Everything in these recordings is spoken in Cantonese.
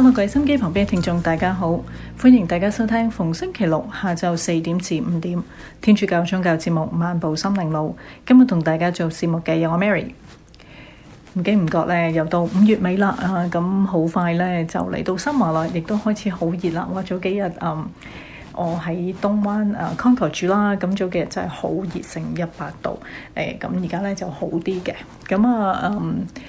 Hello, 各位心機旁邊嘅聽眾大家好，歡迎大家收聽逢星期六下晝四點至五點天主教宗教節目《漫步心靈路》。今日同大家做節目嘅有我 Mary。唔經唔覺咧，又到五月尾啦啊！咁好快咧就嚟到新華啦，亦都開始好熱啦。哇、啊！早幾日，嗯、啊，我喺東灣啊 Concord 住啦，咁早幾日真係好熱，成一百度。誒，咁而家咧就好啲嘅。咁啊，嗯、啊。啊啊啊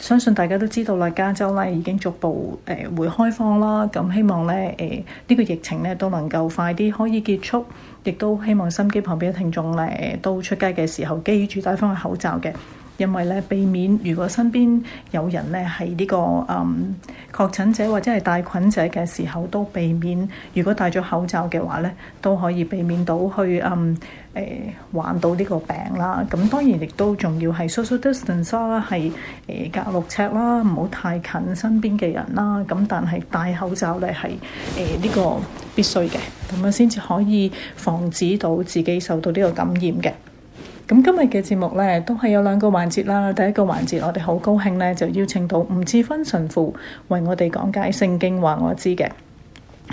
相信大家都知道啦，加州咧已經逐步誒會、呃、開放啦，咁希望咧誒呢、呃這個疫情咧都能夠快啲可以結束，亦都希望心機旁邊嘅聽眾咧都出街嘅時候記住戴翻個口罩嘅。因為咧，避免如果身邊有人咧係呢、這個嗯確診者或者係帶菌者嘅時候，都避免。如果戴咗口罩嘅話咧，都可以避免到去嗯誒、呃、患到呢個病啦。咁當然亦都仲要係 social distance 啦、啊，係誒隔六尺啦，唔好太近身邊嘅人啦、啊。咁但係戴口罩咧係誒呢、呃這個必須嘅，咁樣先至可以防止到自己受到呢個感染嘅。咁今日嘅節目呢，都係有兩個環節啦。第一個環節，我哋好高興呢，就邀請到吳志芬神父為我哋講解《聖經話我知》嘅。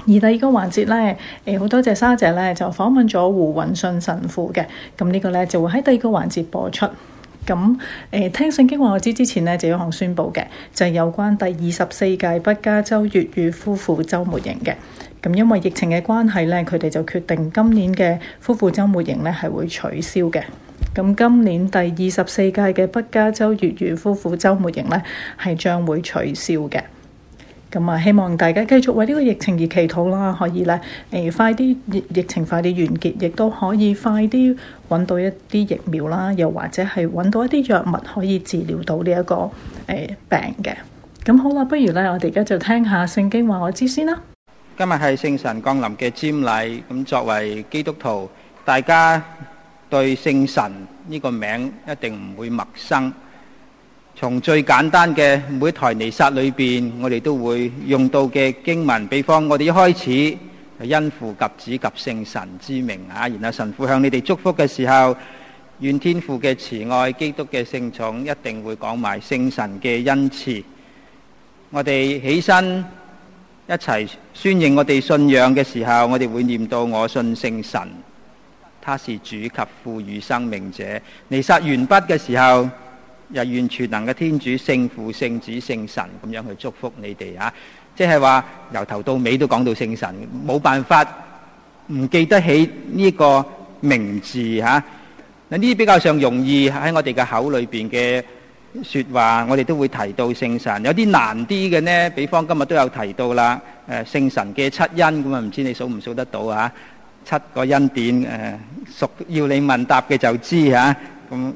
而第二個環節呢，誒，好多謝沙姐呢，就訪問咗胡運信神父嘅。咁呢個呢，就會喺第二個環節播出。咁誒、呃，聽《聖經話我知》之前呢，就有一項宣布嘅，就係、是、有關第二十四屆北加州粵語夫婦周末營嘅。咁因為疫情嘅關係呢，佢哋就決定今年嘅夫婦周末營呢，係會取消嘅。咁今年第二十四屆嘅北加州粵語夫婦周末營呢，係將會取消嘅。咁啊，希望大家繼續為呢個疫情而祈禱啦，可以呢誒，快啲疫疫情快啲完結，亦都可以快啲揾到一啲疫苗啦，又或者係揾到一啲藥物可以治療到呢一個誒病嘅。咁好啦，不如呢，我哋而家就聽下聖經話我知先啦。今日係聖神降臨嘅瞻禮，咁作為基督徒，大家。對聖神呢個名一定唔會陌生。從最簡單嘅每台彌撒裏邊，我哋都會用到嘅經文，比方我哋一開始係因父及子及聖神之名啊，然後神父向你哋祝福嘅時候，願天父嘅慈愛、基督嘅聖寵，一定會講埋聖神嘅恩賜。我哋起身一齊宣認我哋信仰嘅時候，我哋會念到我信聖神。他是主及賦予生命者，彌撒完畢嘅時候，由完全能嘅天主聖父、聖子、聖神咁樣去祝福你哋啊。即係話由頭到尾都講到聖神，冇辦法唔記得起呢個名字吓。嗱，呢啲比較上容易喺我哋嘅口裏邊嘅說話，我哋都會提到聖神。有啲難啲嘅呢，比方今日都有提到啦，誒、呃、聖神嘅七恩咁啊，唔知你數唔數得到啊？七個恩典誒，屬、呃、要你問答嘅就知嚇。咁、啊嗯、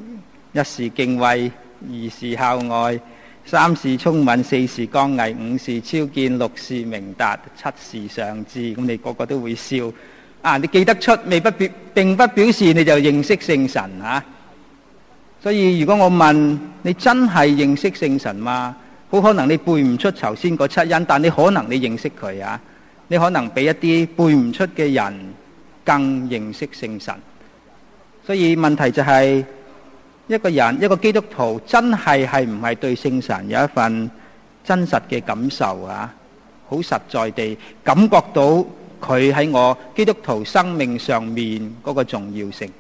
一是敬畏，二是孝愛，三是聰敏，四是剛毅，五是超見，六是明達，七是上智。咁、嗯、你個個都會笑啊！你記得出，未不表並不表示你就認識聖神嚇、啊。所以如果我問你真係認識聖神嘛？好可能你背唔出頭先嗰七恩，但你可能你認識佢啊！你可能俾一啲背唔出嘅人。更認識聖神，所以問題就係一個人一個基督徒真係係唔係對聖神有一份真實嘅感受啊？好實在地感覺到佢喺我基督徒生命上面嗰個重要性，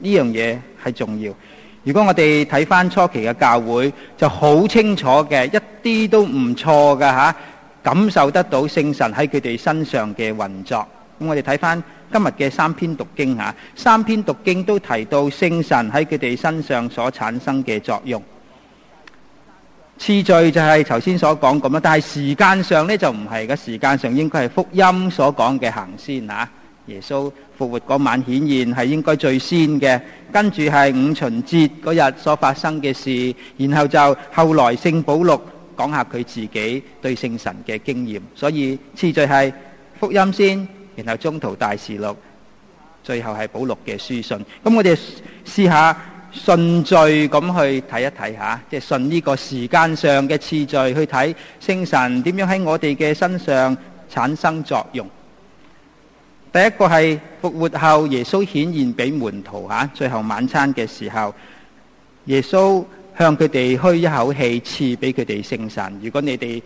呢樣嘢係重要。如果我哋睇翻初期嘅教會，就好清楚嘅，一啲都唔錯嘅吓，感受得到聖神喺佢哋身上嘅運作。咁我哋睇翻。今日嘅三篇讀經吓、啊，三篇讀經都提到聖神喺佢哋身上所產生嘅作用。次序就係頭先所講咁啦，但係時間上呢，就唔係嘅，時間上應該係福音所講嘅行先吓、啊，耶穌復活嗰晚顯現係應該最先嘅，跟住係五旬節嗰日所發生嘅事，然後就後來聖保祿講下佢自己對聖神嘅經驗，所以次序係福音先。然後中途大事錄，最後係保祿嘅書信。咁我哋試下順序咁去睇一睇吓，即係順呢個時間上嘅次序去睇聖神點樣喺我哋嘅身上產生作用。第一個係復活後耶穌顯現俾門徒吓、啊，最後晚餐嘅時候，耶穌向佢哋噓一口氣，賜俾佢哋聖神。如果你哋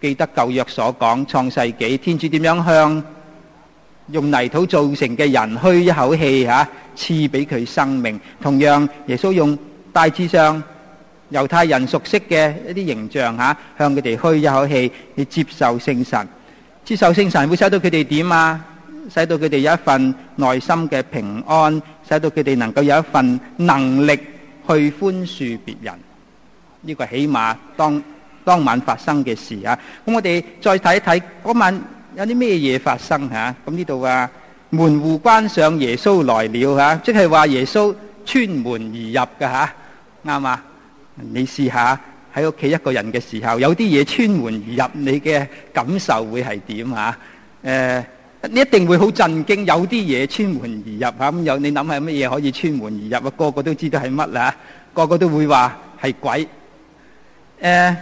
記得舊約所講創世紀天主點樣向用泥土造成嘅人，噓一口氣吓，賜俾佢生命。同樣，耶穌用大致上猶太人熟悉嘅一啲形象吓，向佢哋噓一口氣，去接受聖神。接受聖神會使到佢哋點啊？使到佢哋有一份內心嘅平安，使到佢哋能夠有一份能力去寬恕別人。呢個起碼當當晚發生嘅事啊。咁我哋再睇一睇嗰晚。有啲咩嘢發生吓？咁呢度啊，門戶關上，耶穌來了吓、啊，即係話耶穌穿門而入嘅吓，啱、啊、嘛？你試下喺屋企一個人嘅時候，有啲嘢穿門而入，你嘅感受會係點啊？誒，你一定會好震驚，有啲嘢穿門而入吓。咁、啊、有你諗下乜嘢可以穿門而入啊？個個都知道係乜啦，個個都會話係鬼。誒、啊，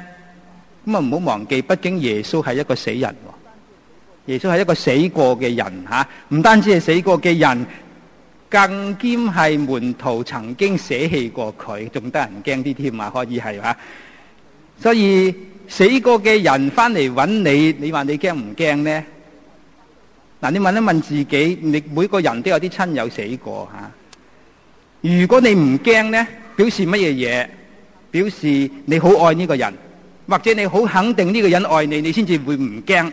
咁啊唔好忘記，畢竟耶穌係一個死人。耶穌係一個死過嘅人吓，唔單止係死過嘅人，更兼係門徒曾經捨棄過佢，仲得人驚啲添啊！可以係啊，所以死過嘅人翻嚟揾你，你話你驚唔驚呢？嗱、啊，你問一問自己，你每個人都有啲親友死過吓、啊，如果你唔驚呢，表示乜嘢嘢？表示你好愛呢個人，或者你好肯定呢個人愛你，你先至會唔驚。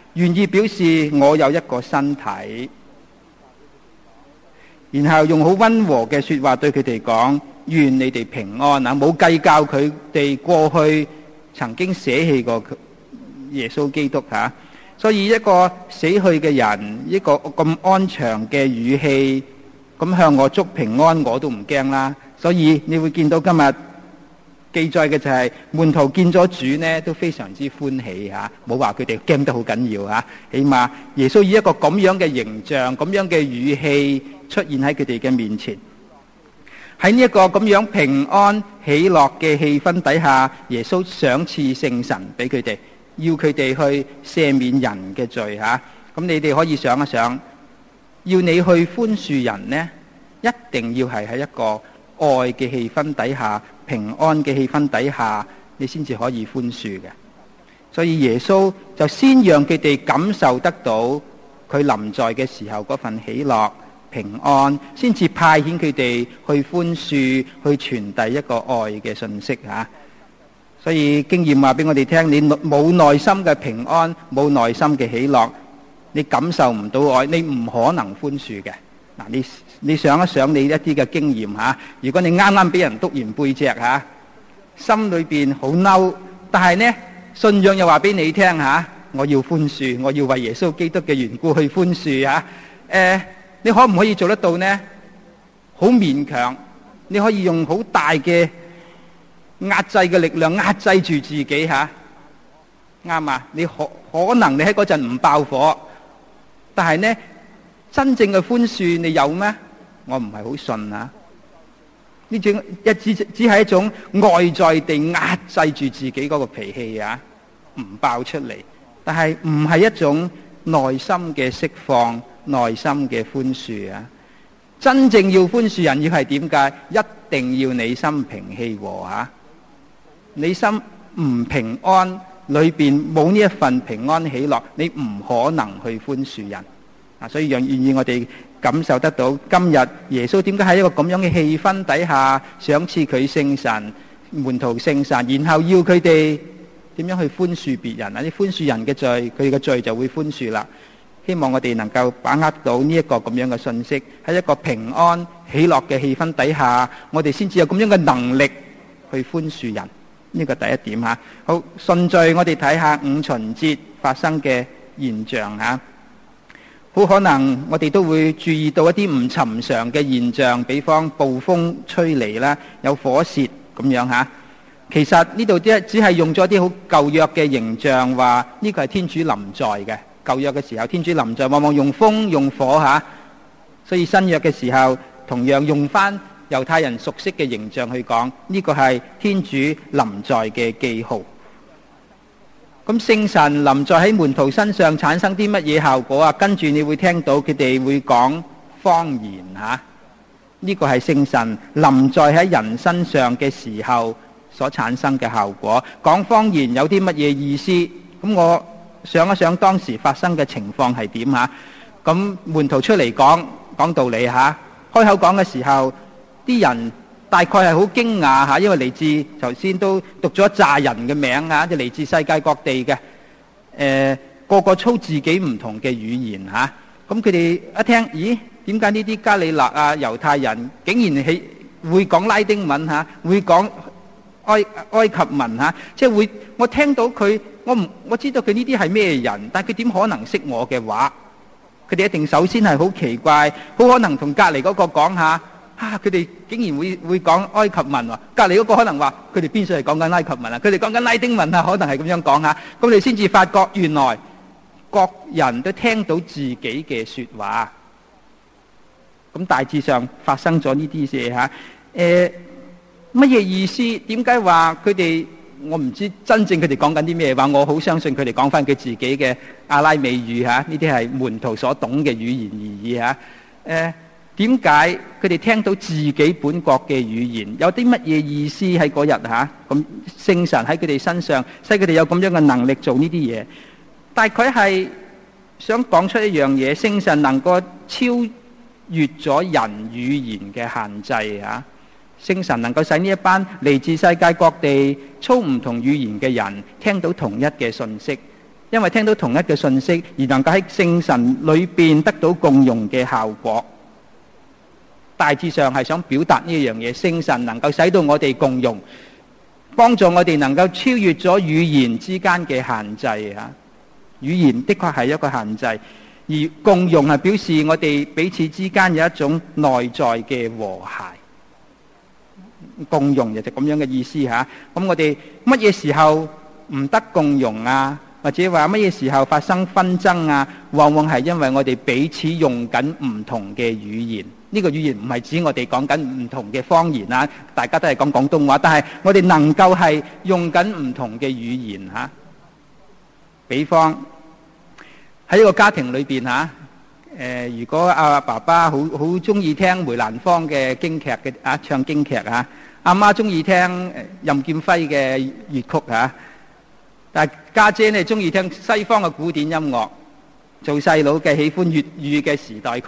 願意表示我有一個身體，然後用好溫和嘅說話對佢哋講，願你哋平安啊。冇計較佢哋過去曾經捨棄過耶穌基督吓。所以一個死去嘅人，一個咁安詳嘅語氣咁向我祝平安，我都唔驚啦所以你會見到今日記載嘅就係、是、門徒見咗主呢都非常之歡喜吓，冇話佢哋驚得好緊要吓、啊，起碼耶穌以一個咁樣嘅形象，咁樣嘅語氣出現喺佢哋嘅面前。喺呢一個咁樣平安喜樂嘅氣氛底下，耶穌賞賜聖神俾佢哋，要佢哋去赦免人嘅罪吓。咁、啊、你哋可以想一想，要你去寬恕人呢，一定要係喺一個愛嘅氣氛底下。平安嘅氣氛底下，你先至可以寬恕嘅。所以耶穌就先讓佢哋感受得到佢臨在嘅時候嗰份喜樂、平安，先至派遣佢哋去寬恕、去傳遞一個愛嘅信息啊。所以經驗話俾我哋聽，你冇內心嘅平安，冇內心嘅喜樂，你感受唔到愛，你唔可能寬恕嘅。嗱，你。你想一想你一啲嘅經驗吓、啊，如果你啱啱俾人督完背脊吓、啊，心裏邊好嬲，但係呢，信仰又話俾你聽吓、啊，我要寬恕，我要為耶穌基督嘅緣故去寬恕吓。誒、啊，你可唔可以做得到呢？好勉強，你可以用好大嘅壓制嘅力量壓制住自己吓，啱啊？你可可能你喺嗰陣唔爆火，但係呢，真正嘅寬恕你有咩？我唔係好信啊！呢種一之只係一種外在地壓制住自己嗰個脾氣啊，唔爆出嚟，但係唔係一種內心嘅釋放，內心嘅寬恕啊！真正要寬恕人要係點解？一定要你心平氣和啊！你心唔平安，裏邊冇呢一份平安喜樂，你唔可能去寬恕人啊！所以願願意我哋。感受得到今日耶穌點解喺一個咁樣嘅氣氛底下賞賜佢聖神門徒聖神，然後要佢哋點樣去寬恕別人啊？啲寬恕人嘅罪，佢哋嘅罪就會寬恕啦。希望我哋能夠把握到呢一個咁樣嘅信息，喺一個平安喜樂嘅氣氛底下，我哋先至有咁樣嘅能力去寬恕人。呢、這個第一點吓，好順序我哋睇下五旬節發生嘅現象吓。好可能我哋都會注意到一啲唔尋常嘅現象，比方暴風吹嚟啦，有火舌咁樣吓。其實呢度啲只係用咗啲好舊約嘅形象，話，呢個係天主臨在嘅舊約嘅時候，天主臨在，往往用風用火吓。所以新約嘅時候，同樣用翻猶太人熟悉嘅形象去講，呢個係天主臨在嘅記號。咁聖神臨在喺門徒身上產生啲乜嘢效果啊？跟住你會聽到佢哋會講方言嚇，呢、啊，呢個係聖神臨在喺人身上嘅時候所產生嘅效果。講方言有啲乜嘢意思？咁我想一想當時發生嘅情況係點嚇？咁、啊、門徒出嚟講講道理嚇、啊，開口講嘅時候啲人。大概係好驚訝嚇，因為嚟自頭先都讀咗一紮人嘅名啊，就嚟自世界各地嘅，誒、呃、個個操自己唔同嘅語言嚇。咁佢哋一聽，咦？點解呢啲加里納啊、猶太人竟然係會講拉丁文嚇、啊，會講埃埃及文嚇、啊？即係會我聽到佢，我唔我知道佢呢啲係咩人，但佢點可能識我嘅話？佢哋一定首先係好奇怪，好可能同隔籬嗰個講嚇。啊啊！佢哋竟然會會講埃，講埃及文啊？隔離嗰個可能話佢哋邊上係講緊埃及文啊，佢哋講緊拉丁文啊，可能係咁樣講嚇。咁你先至發覺原來各人都聽到自己嘅説話，咁大致上發生咗呢啲事。嚇、啊。誒，乜嘢意思？點解話佢哋？我唔知真正佢哋講緊啲咩話。我好相信佢哋講返佢自己嘅阿拉美語嚇。呢啲係門徒所懂嘅語言而已嚇。誒、啊。呃點解佢哋聽到自己本國嘅語言有啲乜嘢意思，喺嗰日吓咁？聖神喺佢哋身上，使佢哋有咁樣嘅能力做呢啲嘢。但係佢係想講出一樣嘢，聖神能夠超越咗人語言嘅限制吓，聖神能夠使呢一班嚟自世界各地、操唔同語言嘅人聽到同一嘅訊息，因為聽到同一嘅訊息而能夠喺聖神裏邊得到共融嘅效果。大致上係想表達呢樣嘢，聖神能夠使到我哋共融，幫助我哋能夠超越咗語言之間嘅限制吓，啊。語言的確係一個限制，而共融係表示我哋彼此之間有一種內在嘅和諧。共融就咁樣嘅意思吓。咁、啊、我哋乜嘢時候唔得共融啊？或者話乜嘢時候發生紛爭啊？往往係因為我哋彼此用緊唔同嘅語言。呢個語言唔係指我哋講緊唔同嘅方言啊！大家都係講廣東話，但係我哋能夠係用緊唔同嘅語言嚇、啊。比方喺一個家庭裏邊嚇，誒、啊，如果阿、啊、爸爸好好中意聽梅蘭芳嘅京劇嘅啊，唱京劇嚇；阿媽中意聽任劍輝嘅粵曲嚇、啊；但家姐咧中意聽西方嘅古典音樂；做細佬嘅喜歡粵語嘅時代曲。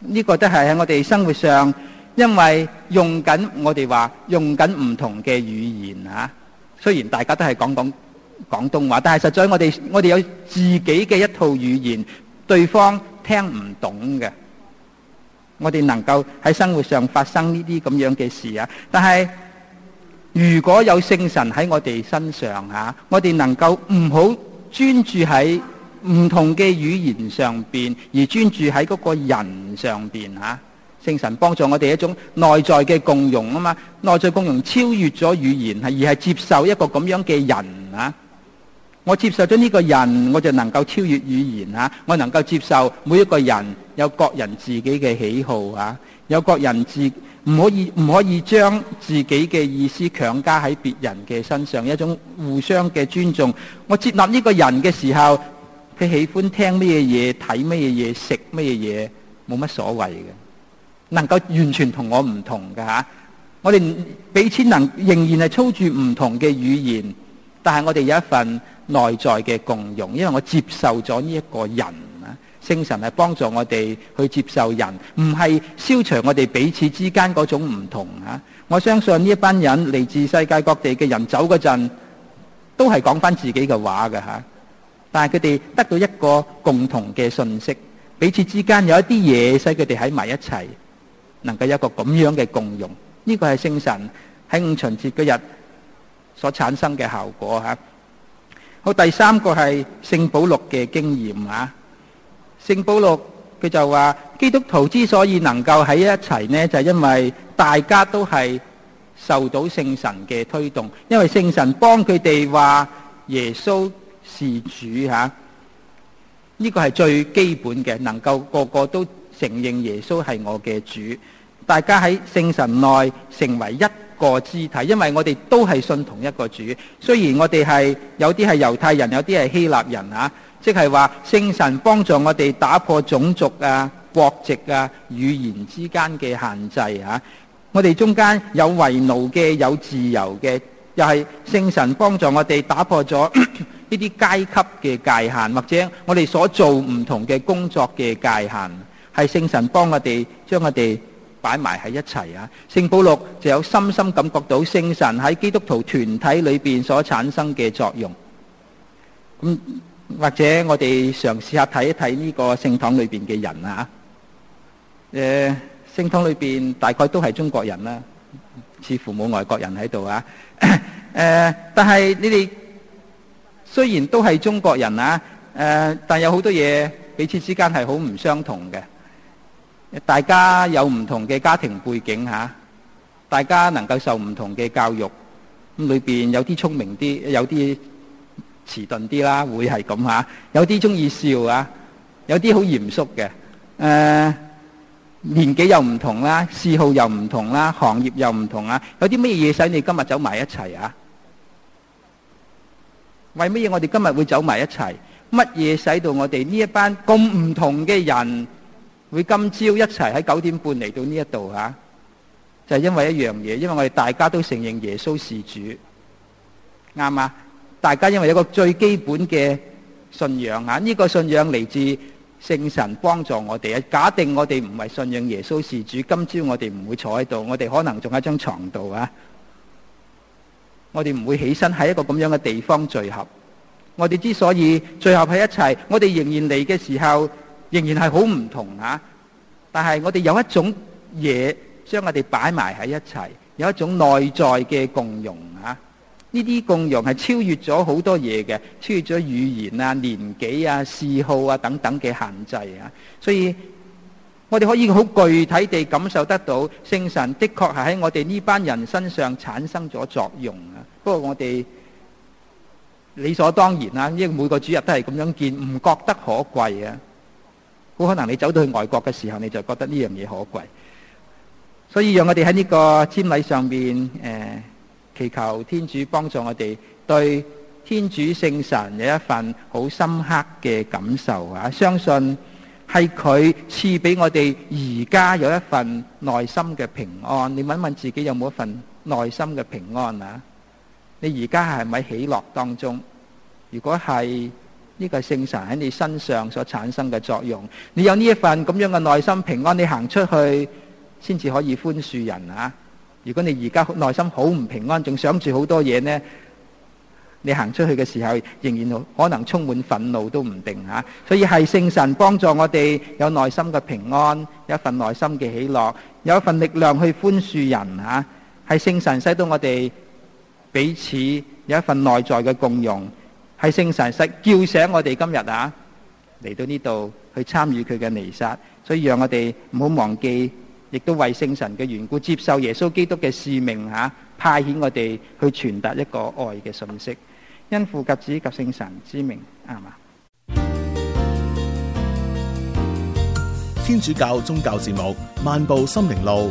呢個都係喺我哋生活上，因為用緊我哋話，用緊唔同嘅語言啊。雖然大家都係講講廣東話，但係實在我哋我哋有自己嘅一套語言，對方聽唔懂嘅。我哋能夠喺生活上發生呢啲咁樣嘅事啊，但係如果有聖神喺我哋身上啊，我哋能夠唔好專注喺。唔同嘅語言上邊，而專注喺嗰個人上邊吓，聖神幫助我哋一種內在嘅共融啊嘛，內在共融超越咗語言，係而係接受一個咁樣嘅人啊。我接受咗呢個人，我就能夠超越語言啊。我能夠接受每一個人有各人自己嘅喜好啊，有各人自唔可以唔可以將自己嘅意思強加喺別人嘅身上，一種互相嘅尊重。我接納呢個人嘅時候。佢喜歡聽咩嘢嘢，睇咩嘢嘢，食乜嘢嘢，冇乜所謂嘅。能夠完全同我唔同嘅嚇，我哋彼此能仍然係操住唔同嘅語言，但係我哋有一份內在嘅共融，因為我接受咗呢一個人啊。聖神係幫助我哋去接受人，唔係消除我哋彼此之間嗰種唔同啊！我相信呢一班人嚟自世界各地嘅人走嗰陣，都係講翻自己嘅話嘅嚇。啊。但係佢哋得到一個共同嘅信息，彼此之間有一啲嘢，使佢哋喺埋一齊，能夠有一個咁樣嘅共融。呢個係聖神喺五旬節嗰日所產生嘅效果吓。好，第三個係聖保祿嘅經驗啊，聖保祿佢就話基督徒之所以能夠喺一齊呢，就係，因為大家都係受到聖神嘅推動，因為聖神幫佢哋話耶穌。是主吓，呢、啊，這個係最基本嘅，能夠個個都承認耶穌係我嘅主。大家喺聖神內成為一個肢體，因為我哋都係信同一個主。雖然我哋係有啲係猶太人，有啲係希臘人啊，即係話聖神幫助我哋打破種族啊、國籍啊、語言之間嘅限制吓、啊，我哋中間有為奴嘅，有自由嘅，又係聖神幫助我哋打破咗。 呢啲階級嘅界限，或者我哋所做唔同嘅工作嘅界限，係聖神幫我哋將我哋擺埋喺一齊啊！聖保祿就有深深感覺到聖神喺基督徒團體裏邊所產生嘅作用。咁或者我哋嘗試下睇一睇呢個聖堂裏邊嘅人啊！誒，聖堂裏邊大概都係中國人啦，似乎冇外國人喺度啊！誒，但係你哋。雖然都係中國人啊，誒、呃，但有好多嘢彼此之間係好唔相同嘅。大家有唔同嘅家庭背景嚇、啊，大家能夠受唔同嘅教育，咁裏邊有啲聰明啲，有啲遲鈍啲啦，會係咁嚇。有啲鍾意笑啊，有啲好嚴肅嘅。誒、呃，年紀又唔同啦、啊，嗜好又唔同啦、啊，行業又唔同啊。有啲咩嘢使你今日走埋一齊啊？為乜嘢我哋今日會走埋一齊？乜嘢使到我哋呢一班咁唔同嘅人會今朝一齊喺九點半嚟到呢一度吓？就係因為一樣嘢，因為我哋大家都承認耶穌是主，啱嘛？大家因為一個最基本嘅信仰啊，呢個信仰嚟自聖神幫助我哋啊。假定我哋唔係信仰耶穌是主，今朝我哋唔會坐喺度，我哋可能仲喺張床度啊。我哋唔會起身喺一個咁樣嘅地方聚合。我哋之所以聚合喺一齊，我哋仍然嚟嘅時候仍然係好唔同啊。但係我哋有一種嘢將我哋擺埋喺一齊，有一種內在嘅共融啊。呢啲共融係超越咗好多嘢嘅，超越咗語言啊、年紀啊、嗜好啊等等嘅限制啊。所以我哋可以好具體地感受得到，聖神的確係喺我哋呢班人身上產生咗作用。不過我哋理所當然啦，因為每個主日都係咁樣見，唔覺得可貴啊，好可能你走到去外國嘅時候，你就覺得呢樣嘢可貴。所以讓我哋喺呢個瞻禮上邊誒、呃，祈求天主幫助我哋對天主聖神有一份好深刻嘅感受啊！相信係佢賜俾我哋而家有一份內心嘅平安。你問問自己有冇一份內心嘅平安啊？你而家係咪喺喜樂當中？如果係呢個聖神喺你身上所產生嘅作用，你有呢一份咁樣嘅內心平安，你行出去先至可以寬恕人啊！如果你而家內心好唔平安，仲想住好多嘢呢？你行出去嘅時候，仍然可能充滿憤怒都唔定啊！所以係聖神幫助我哋有內心嘅平安，有一份內心嘅喜樂，有一份力量去寬恕人啊！係聖神使到我哋。彼此有一份內在嘅共融，係聖神使叫醒我哋今日啊，嚟到呢度去參與佢嘅彌撒，所以讓我哋唔好忘記，亦都為聖神嘅緣故接受耶穌基督嘅使命吓、啊，派遣我哋去傳達一個愛嘅訊息，因父及子及聖神之名，係嘛？天主教宗教節目《漫步心靈路》。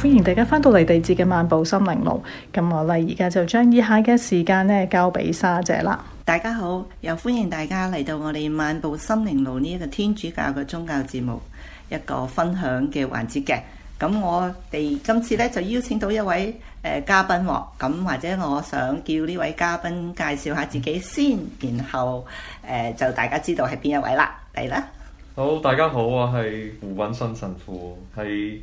歡迎大家翻到嚟第二節嘅漫步心靈路，咁我哋而家就將以下嘅時間咧交俾沙姐啦。大家好，又歡迎大家嚟到我哋漫步心靈路呢一、這個天主教嘅宗教節目一個分享嘅環節嘅。咁我哋今次咧就邀請到一位誒、呃、嘉賓、哦，咁或者我想叫呢位嘉賓介紹下自己先，然後誒、呃、就大家知道係邊一位啦。嚟啦，好，大家好，我係胡韻新神、神父，係。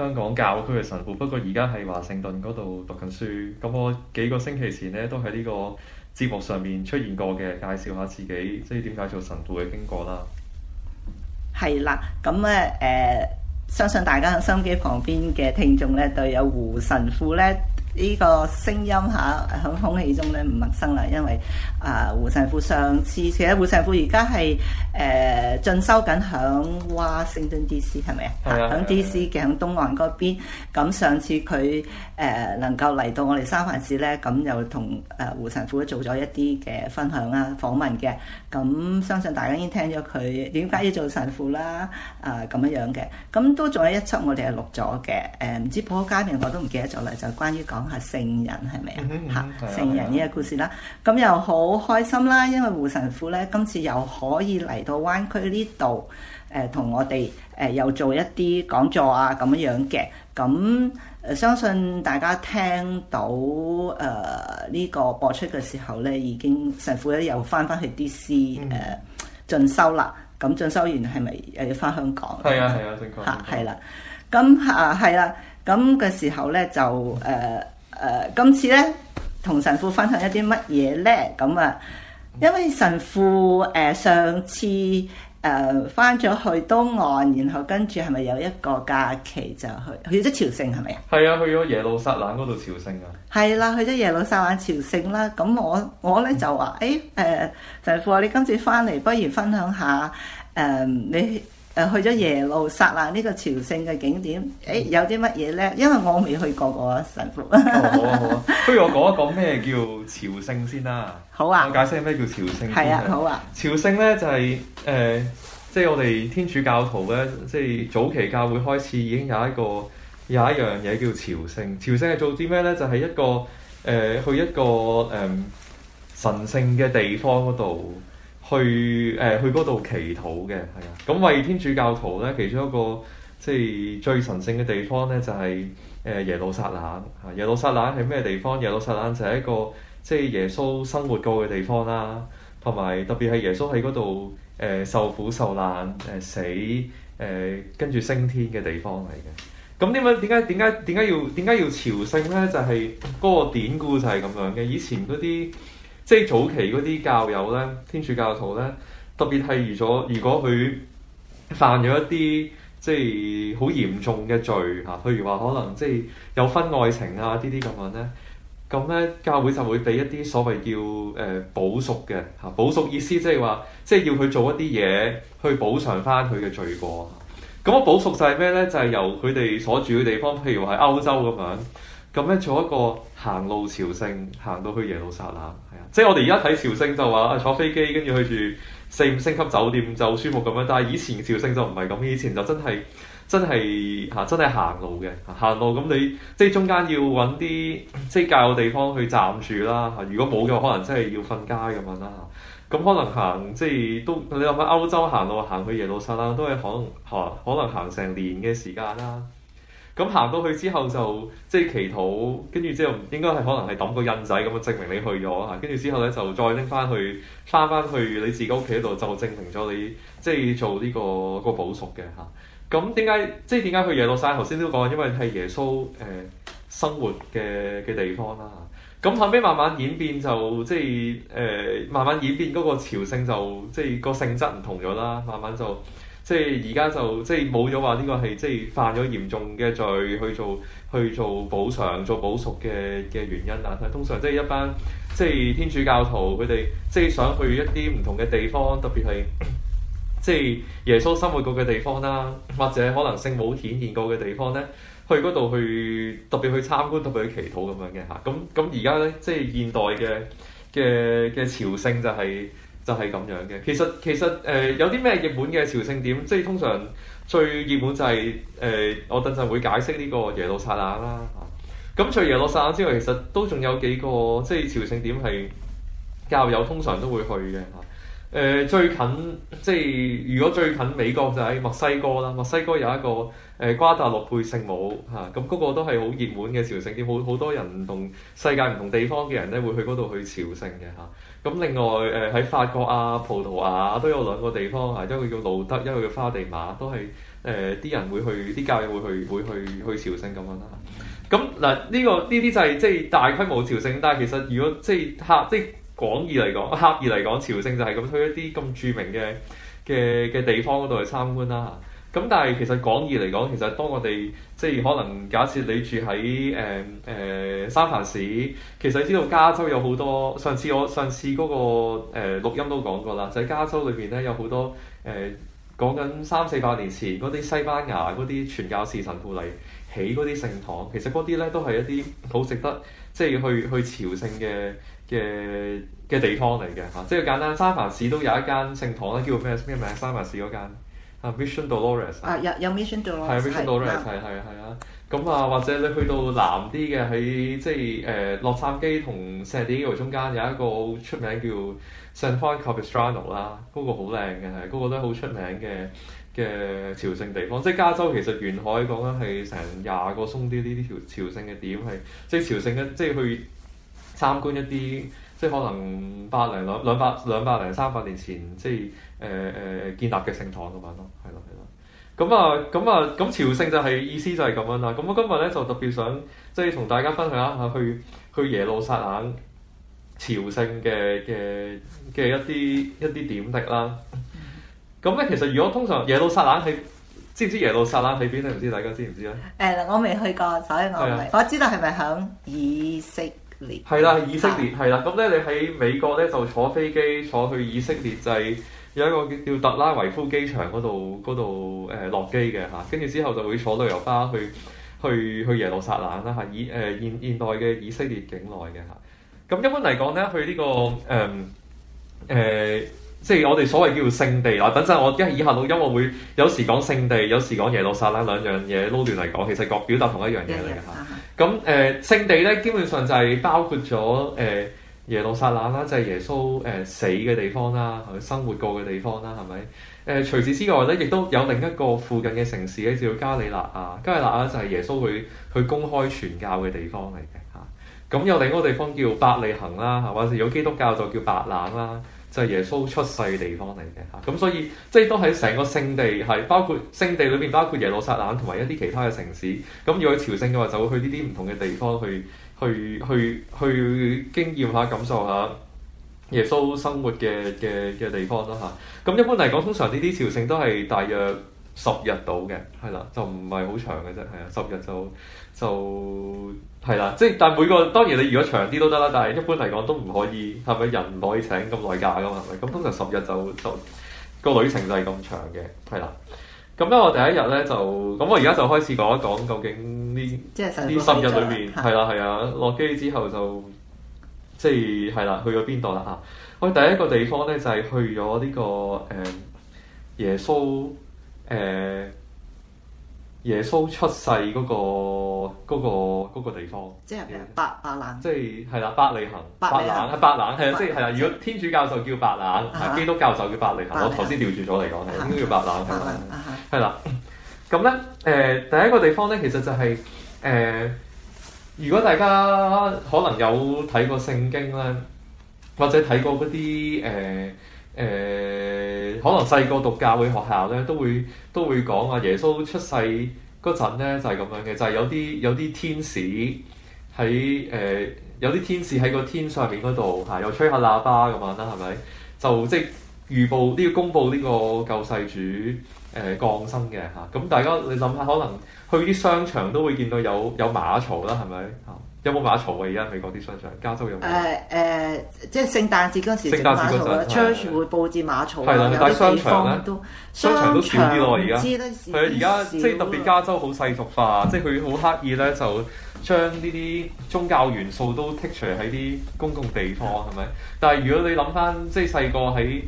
香港教區嘅神父，不過而家喺華盛頓嗰度讀緊書。咁我幾個星期前咧都喺呢個節目上面出現過嘅，介紹下自己，即係點解做神父嘅經過啦。係啦，咁咧誒，相信大家收音機旁邊嘅聽眾咧對有胡神父咧。呢個聲音嚇喺空氣中咧唔陌生啦，因為啊、呃、胡神父上次，其實胡神父而家係誒進修緊響華盛頓 D.C. 係咪啊？係響的 D.C. 嘅響東岸嗰邊。咁的上次佢誒、呃、能夠嚟到我哋三藩市咧，咁又同誒胡神父做咗一啲嘅分享啦、訪問嘅。咁、嗯、相信大家已經聽咗佢點解要做神父啦，啊、呃、咁樣樣嘅。咁、嗯、都仲有一輯我哋係錄咗嘅，誒、呃、唔知普羅街面我都唔記得咗啦，就關於講。講下聖人係咪啊？吓聖 人呢個故事啦，咁 又好開心啦，因為胡神父咧今次又可以嚟到灣區呢度，誒、呃、同我哋誒、呃、又做一啲講座啊咁樣樣嘅，咁、嗯、相信大家聽到誒呢、呃這個播出嘅時候咧，已經神父咧又翻翻去 D.C. 誒進、嗯啊、修啦，咁進修完係咪誒翻香港？係啊係啊，啊是是正確吓係啦，咁啊係啦。咁嘅時候咧，就誒誒、呃呃、今次咧，同神父分享一啲乜嘢咧？咁啊，因為神父誒、呃、上次誒、呃、翻咗去東岸，然後跟住係咪有一個假期就去去咗朝聖係咪啊？係啊，去咗耶路撒冷嗰度朝聖啊！係啦，去咗耶路撒冷朝聖啦。咁我我咧、嗯、就話誒誒神父啊，你今次翻嚟不如分享下誒、呃、你。誒去咗耶路撒冷呢個朝聖嘅景點，誒有啲乜嘢咧？因為我未去過喎，神父 、哦。好啊好啊，不如我講一講咩叫朝聖先啦、啊。好啊。我解釋咩叫朝聖先、啊。係啊，好啊。朝聖咧就係、是、誒，即、呃、係、就是、我哋天主教徒咧，即、就、係、是、早期教會開始已經有一個有一樣嘢叫朝聖。朝聖係做啲咩咧？就係、是、一個誒、呃、去一個誒、呃、神聖嘅地方嗰度。去誒、呃、去嗰度祈禱嘅，係啊。咁、嗯、為天主教徒咧，其中一個即係最神聖嘅地方咧，就係、是、誒耶路撒冷。耶路撒冷係咩地方？耶路撒冷就係一個即係耶穌生活過嘅地方啦，同埋特別係耶穌喺嗰度誒受苦受難誒、呃、死誒跟住升天嘅地方嚟嘅。咁點解點解點解點解要點解要朝聖咧？就係、是、嗰個典故就係咁樣嘅。以前嗰啲。即係早期嗰啲教友咧，天主教徒咧，特別係如咗如果佢犯咗一啲即係好嚴重嘅罪嚇，譬、啊、如話可能即係有婚外情啊呢呢呢啲咁樣咧，咁咧教會就會俾一啲所謂叫誒補贖嘅嚇，補、呃、贖、啊、意思即係話即係要佢做一啲嘢去補償翻佢嘅罪過。咁個補贖就係咩咧？就係、是、由佢哋所住嘅地方，譬如話喺歐洲咁樣，咁咧做一個行路朝聖，行到去耶路撒冷。即係我哋而家睇朝聖就話啊坐飛機跟住去住四五星級酒店就舒服咁樣，但係以前嘅朝聖就唔係咁，以前就真係真係嚇、啊、真係行路嘅行路咁，你即係中間要揾啲即係介嘅地方去暫住啦、啊。如果冇嘅話，可能真係要瞓街咁樣啦。咁可能行即係都你話翻歐洲行路行去耶路撒冷啦，都係可能、啊、可能行成年嘅時間啦。.咁行到去之後就即係祈禱，跟住之後應該係可能係揼個印仔咁啊，證明你去咗嚇。跟住之後咧就再拎翻去翻翻去你自己屋企度，就證明咗你即係做呢個個保熟嘅嚇。咁點解即係點解去耶路撒頭先都講，因為係耶穌誒、呃、生活嘅嘅地方啦。咁後尾慢慢演變就即係誒慢慢演變嗰個朝聖就即係個性質唔同咗啦，慢慢就。即係而家就即係冇咗話呢個係即係犯咗嚴重嘅罪去做去做補償做補贖嘅嘅原因啦。但通常即係一班即係天主教徒佢哋即係想去一啲唔同嘅地方，特別係即係耶穌生活過嘅地方啦，或者可能聖母顯現過嘅地方咧，去嗰度去特別去參觀，特別去祈禱咁樣嘅嚇。咁咁而家咧即係現代嘅嘅嘅朝聖就係、是。就係咁樣嘅，其實其實誒、呃、有啲咩熱門嘅朝聖點？即係通常最熱門就係、是、誒、呃，我等陣會解釋呢個耶路撒冷啦。咁除耶路撒冷之外，其實都仲有幾個即係朝聖點係教友通常都會去嘅。誒最近即係如果最近美國就喺墨西哥啦，墨西哥有一個誒瓜達洛佩聖母嚇，咁、啊、嗰、那個都係好熱門嘅朝聖點，好好多人唔同世界唔同地方嘅人咧會去嗰度去朝聖嘅嚇。咁、啊、另外誒喺、啊、法國啊、葡萄牙都有兩個地方嚇、啊，一個叫路德，一個叫花地馬，都係誒啲人會去，啲教友會去，會去去朝聖咁樣啦。咁嗱呢個呢啲就係即係大規模朝聖，但係其實如果即係嚇即係。廣義嚟講，狹義嚟講，朝聖就係咁去一啲咁著名嘅嘅嘅地方嗰度去參觀啦。咁但係其實廣義嚟講，其實當我哋即係可能假設你住喺誒誒三藩市，其實你知道加州有好多。上次我上次嗰個誒錄音都講過啦，就係加州裏邊咧有好多誒講緊三四百年前嗰啲西班牙嗰啲傳教士神父嚟起嗰啲聖堂，其實嗰啲咧都係一啲好值得即係去去朝聖嘅嘅嘅地方嚟嘅嚇，即係簡單。三藩市都有一間聖堂咧，叫咩咩名？三藩市嗰間啊，Mission Dolores 啊，有有 Mission Dolores 係 Mission Dolores 係係係啊。咁啊，或者你去到南啲嘅，喺即係誒洛杉磯同聖地牙哥中間，有一個出名叫 San Juan Capistrano 啦，嗰個好靚嘅，嗰個都好出名嘅嘅朝聖地方。即係加州其實沿海講緊係成廿個鬆啲呢啲朝朝聖嘅點係，即係朝聖嘅，即係去。去去參觀一啲即係可能百零兩兩百兩百零三百年前即係誒誒建立嘅聖堂咁樣咯，係咯係咯。咁啊咁啊咁朝聖就係、是、意思就係咁樣啦。咁、嗯、我今日咧就特別想即係同大家分享一下去去耶路撒冷朝聖嘅嘅嘅一啲一啲點滴啦。咁、嗯、咧、嗯、其實如果通常耶路撒冷係知唔知耶路撒冷喺邊咧？唔知大家知唔知咧？誒、欸，我未去過，所以我唔係的我知道係咪響以色列。係啦，以色列係啦，咁咧你喺美國咧就坐飛機坐去以色列就係，有一個叫叫特拉維夫機場嗰度嗰度誒落機嘅嚇，跟住之後就會坐旅遊巴去去去耶路撒冷啦嚇、啊，以誒、呃、現現代嘅以色列境內嘅嚇，咁、啊、一般嚟講咧去呢、呢個誒誒。呃呃即係我哋所謂叫做聖地啦。等陣我一以下錄音我會，有時講聖地，有時講耶路撒冷兩樣嘢撈亂嚟講，其實各表達同一樣嘢嚟嘅嚇。咁誒聖地咧，基本上就係包括咗誒、呃、耶路撒冷啦，就係、是、耶穌誒、呃、死嘅地方啦，係生活過嘅地方啦，係咪？誒除此之外咧，亦都有另一個附近嘅城市咧，叫加利納啊。加利納咧就係耶穌佢去公開傳教嘅地方嚟嘅嚇。咁有另一個地方叫伯利恒啦，或者有基督教就叫白冷啦。就係耶穌出世嘅地方嚟嘅嚇，咁所以即係、就是、都喺成個聖地係，包括聖地裏邊包括耶路撒冷同埋一啲其他嘅城市，咁要去朝聖嘅話就會去呢啲唔同嘅地方去去去去去經驗下感受下耶穌生活嘅嘅嘅地方啦嚇。咁一般嚟講，通常呢啲朝聖都係大約十日到嘅，係啦，就唔係好長嘅啫，係啊，十日就就。係啦，即係但係每個當然你如果長啲都得啦，但係一般嚟講都唔可以係咪？人唔可以請咁耐假㗎嘛，係咪？咁通常十日就就，就個旅程就係咁長嘅，係啦。咁咧我第一日咧就，咁我而家就開始講一講究竟呢啲十日裏面係啦係啊落、啊、機之後就即係係啦去咗邊度啦啊？我第一個地方咧就係、係、去咗呢、呢個誒、呃、耶穌誒。呃耶穌出世嗰、嗰個嗰、嗰個嗰個、地方，即係白啊？冷，即係係啦，伯利恒。伯冷係伯冷係啊，即係係啦。如果天主教授叫白冷，啊、哈基督教教授叫伯利恒，利恒我頭先調轉咗嚟講，應該、啊、哈叫白冷係啦。咁咧誒，第一個地方咧，其實就係、是、誒、呃，如果大家可能有睇過聖經咧，或者睇過嗰啲誒。呃誒、呃、可能細個讀教會學校咧，都會都會講啊，耶穌出世嗰陣咧就係咁樣嘅，就係、是就是、有啲有啲天使喺誒、呃，有啲天使喺個天上面嗰度嚇，又、啊、吹下喇叭咁樣啦，係咪？就即係預報呢要公佈呢個救世主誒、呃、降生嘅嚇，咁、啊、大家你諗下，可能去啲商場都會見到有有馬槽啦，係咪嚇？啊有冇馬槽啊？而家美國啲商場有冇，加州有冇啊？誒誒，即係聖誕節嗰時，聖誕節會有 Church 的會佈置馬槽，的有啲地方商場，商場，少商場都少啲咯。而家係啊，而家即係特別加州好世俗化，嗯、即係佢好刻意咧，就將呢啲宗教元素都剔除喺啲公共地方，係咪、嗯？但係如果你諗翻，即係細個喺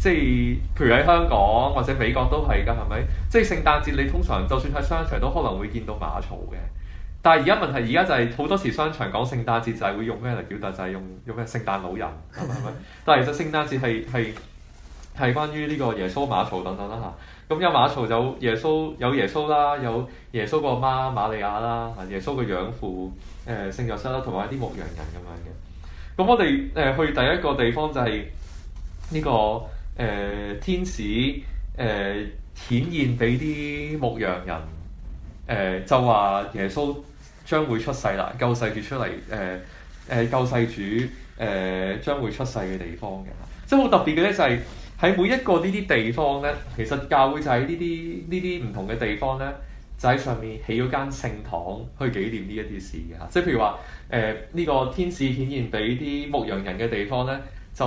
即係譬如喺香港或者美國都係㗎，係咪？即係聖誕節你通常就算喺商場都可能會見到馬槽嘅。但係而家問題，而家就係好多時商場講聖誕節就係會用咩嚟表達？就係、是、用用咩聖誕老人咁樣。 但係其實聖誕節係係係關於呢個耶穌馬槽等等啦嚇。咁、嗯、有馬槽，有耶穌，有耶穌啦，有耶穌個媽瑪利亞啦，嚇耶穌個養父誒、呃、聖約瑟啦，同埋一啲牧羊人咁樣嘅。咁我哋誒、呃、去第一個地方就係呢、這個誒、呃、天使誒、呃、顯現俾啲牧羊人誒、呃、就話耶穌將會出世啦，救世主出嚟，誒、呃、誒，救世主誒將、呃、會出世嘅地方嘅，即係好特別嘅咧，就係喺每一個呢啲地方咧，其實教會就喺呢啲呢啲唔同嘅地方咧，就喺上面起咗間聖堂去紀念呢一啲事嘅，即係譬如話誒呢個天使顯現俾啲牧羊人嘅地方咧，就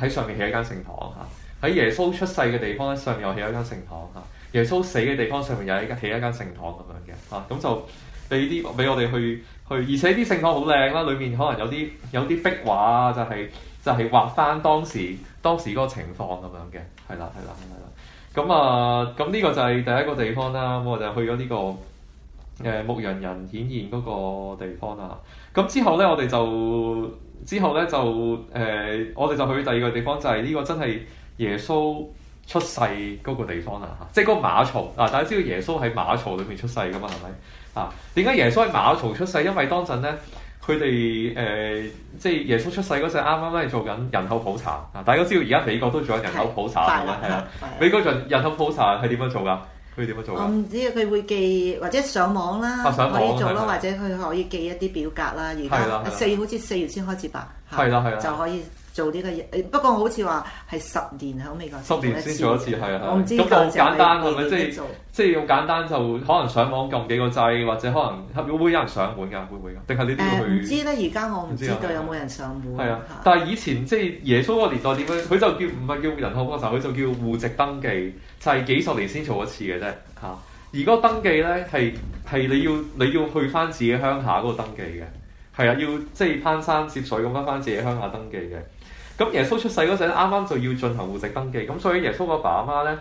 喺上面起一間聖堂嚇；喺耶穌出世嘅地方咧，上面又起一間聖堂嚇；耶穌死嘅地方上面又起一間起一間聖堂咁樣嘅嚇，咁就。俾啲俾我哋去去，而且啲聖堂好靚啦，裏面可能有啲有啲壁畫、就係就係、畫啊，就係就係畫翻當時當時嗰個情況咁樣嘅，係啦係啦係啦。咁啊，咁呢個就係第一個地方啦。咁我就去咗呢、呢個誒、呃、牧羊人顯現嗰個地方啊。咁之後咧，我哋就之後咧就誒、呃，我哋就去第二個地方，就係、係、呢個真係耶穌出世嗰個地方啊。即係嗰個馬槽啊！大家知道耶穌喺馬槽裏面出世噶嘛，係咪？啊！點解耶穌喺馬槽出世？因為當陣咧，佢哋誒即係耶穌出世嗰陣，啱啱啱係做緊人口普查啊！大家知道而家美國都做緊人口普查啦，係啊！美國做人口普查係點樣做㗎？佢點樣做？我唔知，佢會寄或者上網啦，啊、上網可以做咯，吧或者佢可以寄一啲表格啦。而家四月好似四月先開始吧，係啦係啦，就可以。的做呢個嘢，誒不過好似話係十年響美國十年先做一次，係啊，咁好簡單嘅，咪即係即係好簡單，就是、簡單就可能上網撳幾個掣，或者可能會唔會有，有，有人上門㗎？會唔會㗎？定係呢啲？要去？誒唔知咧，而家我唔知道有冇人上門。係啊，但係以前即係耶穌個年代點樣？佢就叫唔係叫人口普查，佢就叫戶籍登記，就係、是、幾十年先做一次嘅啫。嚇、啊！而嗰個登記咧係係你要你要，你要去翻自己鄉下嗰度登記嘅，係啊，要即係攀山涉水咁翻翻自己鄉下登記嘅。咁耶穌出世嗰陣，啱啱就要進行戶籍登記，咁所以耶穌阿爸阿媽咧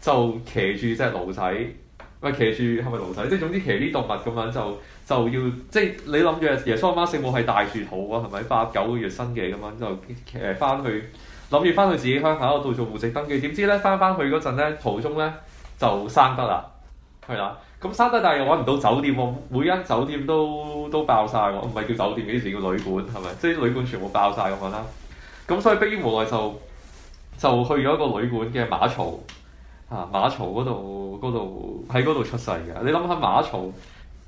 就騎住隻驢仔，唔、哎、係騎住係咪驢仔？即係總之騎啲動物咁樣就就要，即係你諗住耶穌阿媽聖母係大住肚啊，係咪八九個月生嘅咁樣就騎翻去諗住翻去自己鄉下度、啊、做戶籍登記？點知咧翻翻去嗰陣咧途中咧就生得啦，係啦。咁生得，但係又揾唔到酒店喎，每間酒店都都爆晒喎，唔、啊、係叫酒店嗰啲叫旅館係咪？即啲旅館全部爆晒咁樣啦。啊咁所以，迫於無奈就就去咗一個旅館嘅馬槽啊，馬槽嗰度度喺嗰度出世嘅。你諗下馬槽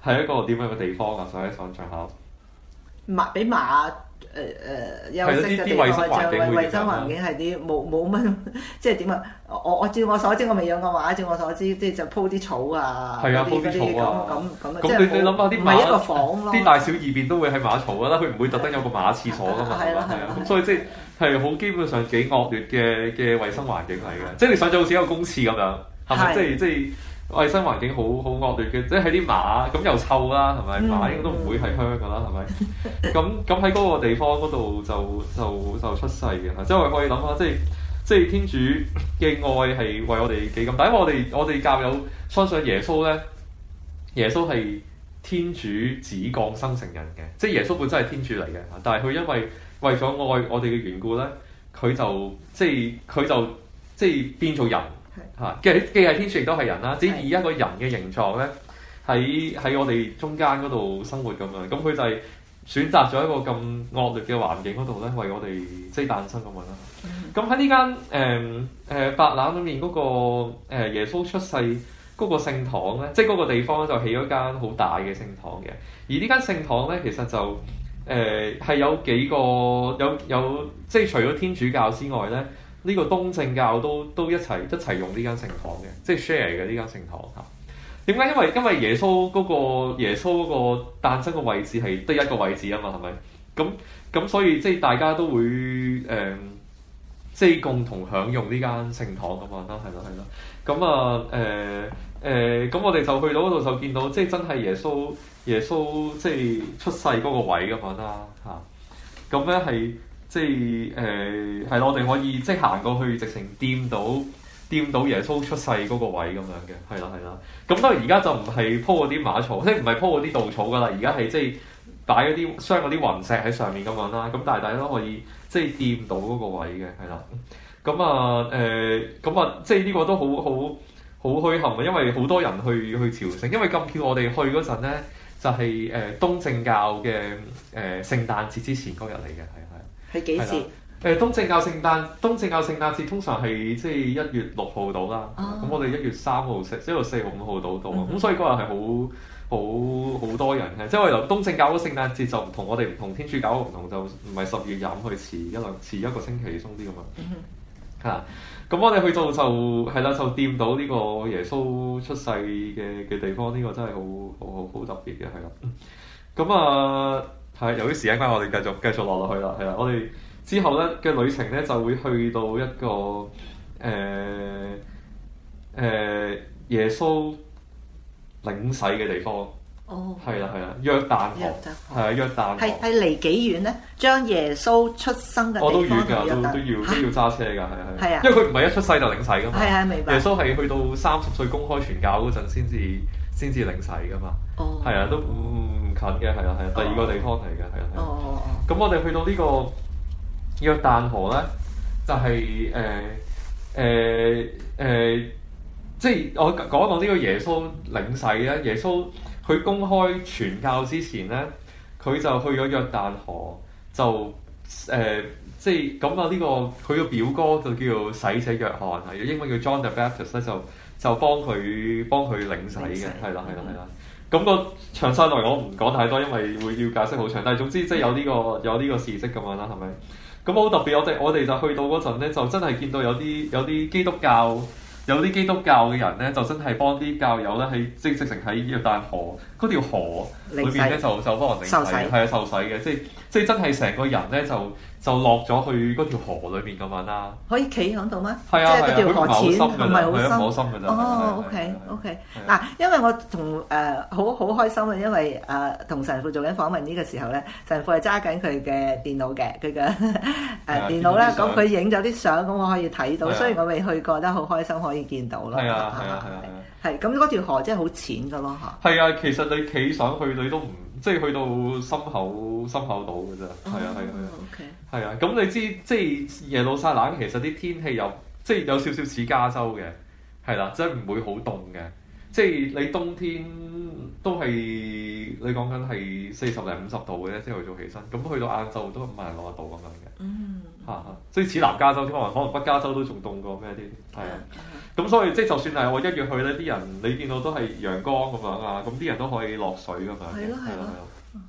係一個點樣嘅地方啊？所以想象下，馬俾馬誒誒有啲啲衞生環境係啲冇冇乜，即係點啊？我我照我所知，我未養過馬。照我所知，即係就鋪啲草啊，嗰啲嗰啲咁咁咁。咁你你諗下啲馬啲大小二便都會喺馬槽馬 啊，佢唔會特登有個馬廁所噶嘛？係啦係啊，咁所以即係。係好基本上幾惡劣嘅嘅衞生環境嚟嘅，即係你上咗好似一個公廁咁樣，係咪？是即係即係衞生環境好好惡劣嘅，即係喺啲馬咁又臭啦，係咪？馬應該都唔會係香㗎啦，係咪？咁咁喺嗰個地方嗰度就就就，就出世嘅啦，即係我哋可以諗下，即係即係天主嘅愛係為我哋幾咁？第一我哋我哋教友相信耶穌咧，耶穌係天主子降生成人嘅，即係耶穌本身係天主嚟嘅，但係佢因為為咗愛我哋嘅緣故咧，佢就即係佢就即係變做人吓，的既既係天主亦都係人啦的。只以一個人嘅形狀咧，喺喺我哋中間嗰度生活咁樣，咁佢就係選擇咗一個咁惡劣嘅環境嗰度咧，為我哋即係誕生咁樣啦。咁喺呢間誒誒白冷裏面嗰個耶穌出世嗰個聖堂咧，即係嗰個地方咧就起咗間好大嘅聖堂嘅。而呢間聖堂咧其實就誒係、呃、有幾個有有即係除咗天主教之外咧，呢、這個東正教都都一齊一齊用呢間聖堂嘅，即係 share 嘅呢間聖堂嚇。點、啊、解？因為因為耶穌嗰、那個耶穌嗰個誕生嘅位置係得一個位置啊嘛，係咪？咁咁所以即係大家都會誒、呃，即係共同享用呢間聖堂咁樣咯，係咯係咯。咁啊誒。呃誒咁、呃、我哋就去到嗰度就見到，即係真係耶穌耶穌即係出世嗰個位咁樣啦嚇。咁咧係即係誒係咯，我哋可以即係行過去直情掂到掂到耶穌出世嗰個位咁樣嘅，係啦係啦。咁當然而家就唔係鋪嗰啲馬草，即係唔係鋪嗰啲稻草噶啦，而家係即係擺嗰啲鑲嗰啲雲石喺上面咁樣啦。咁但係大家都可以即係掂到嗰個位嘅，係啦。咁、嗯、啊誒咁、呃嗯、啊，即係呢個都好好。好好好好好好墟冚啊！因為好多人去去朝聖，因為咁巧我哋去嗰陣咧，就係、是、誒、呃、東正教嘅誒、呃、聖誕節之前嗰日嚟嘅，係係。係幾時？誒、呃、東正教聖誕，東正教聖誕節通常係即係一月六號到啦。咁、啊、我哋一月三號、四、三號、嗯嗯嗯、四號、五號到到咁所以嗰日係好好好多人嘅，即係我由東正教嘅聖誕節就唔同我哋唔同天主教唔同，就唔係十月廿五去遲一兩遲一個星期鬆啲咁嘛。嗯，嗯咁我哋去做就係啦，就掂到呢個耶穌出世嘅嘅地方，呢、這個真係好，好，好特別嘅，係啦。咁 啊，係由於時間關係，我哋繼續繼續落落去啦，係啦。我哋之後咧嘅旅程咧就會去到一個誒誒、呃呃、耶穌領洗嘅地方。哦，係啦，係啦，約旦河，係啊，約旦河，係係離幾遠咧？將耶穌出生嘅地方，我都遠㗎，都都要都要揸車㗎，係啊，係啊，因為佢唔係一出世就領洗㗎嘛，係啊，明白。耶穌係去到三十歲公開傳教嗰陣先至先至領洗㗎嘛，哦，係啊，都唔近嘅，係啊，係啊，第二個地方嚟嘅，係啊，哦哦哦，咁我哋去到呢個約旦河咧，就係誒誒誒，即係我講一講呢個耶穌領洗咧，耶穌。佢公開傳教之前咧，佢就去咗約旦河，就誒、呃，即係咁啊！呢、這個佢個表哥就叫洗者約翰啊，英文叫 John the Baptist 咧，就就幫佢幫佢領洗嘅，係啦，係啦，係啦。咁、那個詳細內容我唔講太多，因為會要解釋好長。但係總之即係有呢、這個有呢個事蹟咁樣啦，係咪？咁好特別，我哋我哋就去到嗰陣咧，就真係見到有啲有啲基督教。有啲基督教嘅人咧，就真係幫啲教友咧，喺正正成喺呢條大河嗰條河裏邊咧，洗就就幫人哋領洗，係啊洗，受洗嘅，即係即係真係成個人咧就。就落咗去嗰條河裏邊咁樣啦。可以企喺度咩？係啊係。即係嗰條河淺，唔係好深㗎啫。哦，OK OK。嗱，因為我同誒好好開心啊，因為誒同神父做緊訪問呢個時候咧，神父係揸緊佢嘅電腦嘅，佢嘅誒電腦咧，咁佢影咗啲相，咁我可以睇到。雖然我未去過，都好開心可以見到咯。係啊係啊係啊。係咁，嗰條河真係好淺㗎咯嚇。係啊，其實你企上去你都唔～即係去到心口心口度嘅啫，係啊係啊係啊，係、oh, okay. 啊，咁你知即係耶路撒冷其實啲天氣又即係有少少似加州嘅。係啦、啊，即係唔會好凍嘅。即係你冬天都係你講緊係四十零五十度嘅啫，朝頭早起身，咁去到晏晝都五啊六啊度咁樣嘅。嗯。嚇即係似南加州咁啊，可能北加州都仲凍過咩啲？係啊。咁、嗯、所以即係就算係我一月去咧，啲人你見到都係陽光咁樣啊，咁啲人都可以落水㗎嘛。係咯係咯。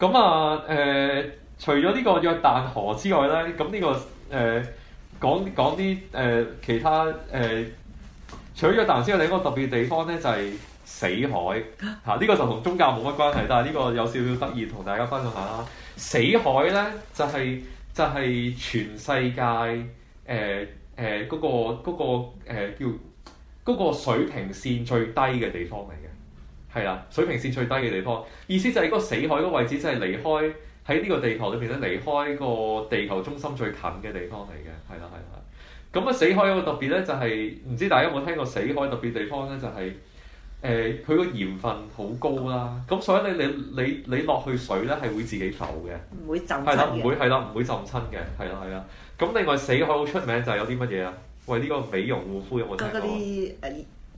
咁啊誒、呃，除咗呢個約旦河之外咧，咁呢、呢個誒、呃、講講啲誒、呃、其他誒。呃除咗大之外，另一個特別地方咧就係、是、死海嚇，呢、啊這個就同宗教冇乜關係，但係呢個有少少得意，同大家分享下啦。死海咧就係、是、就係、是、全世界誒誒嗰個嗰、那個呃、叫嗰、那個、水平線最低嘅地方嚟嘅，係啦，水平線最低嘅地方，意思就係嗰死海嗰位置即係離開喺呢個地球裏面咧，離開個地球中心最近嘅地方嚟嘅，係啦，係啦。咁啊，死海有個特別咧，就係、是、唔知大家有冇聽過死海特別地方咧，就係誒佢個鹽分好高啦。咁所以你你你你落去水咧，係會自己浮嘅，唔會浸親。係啦，唔會係啦，唔會浸親嘅，係啦，係啦。咁另外死海好出名就係有啲乜嘢啊？喂，呢、這個美容護膚有冇聽過？都啲、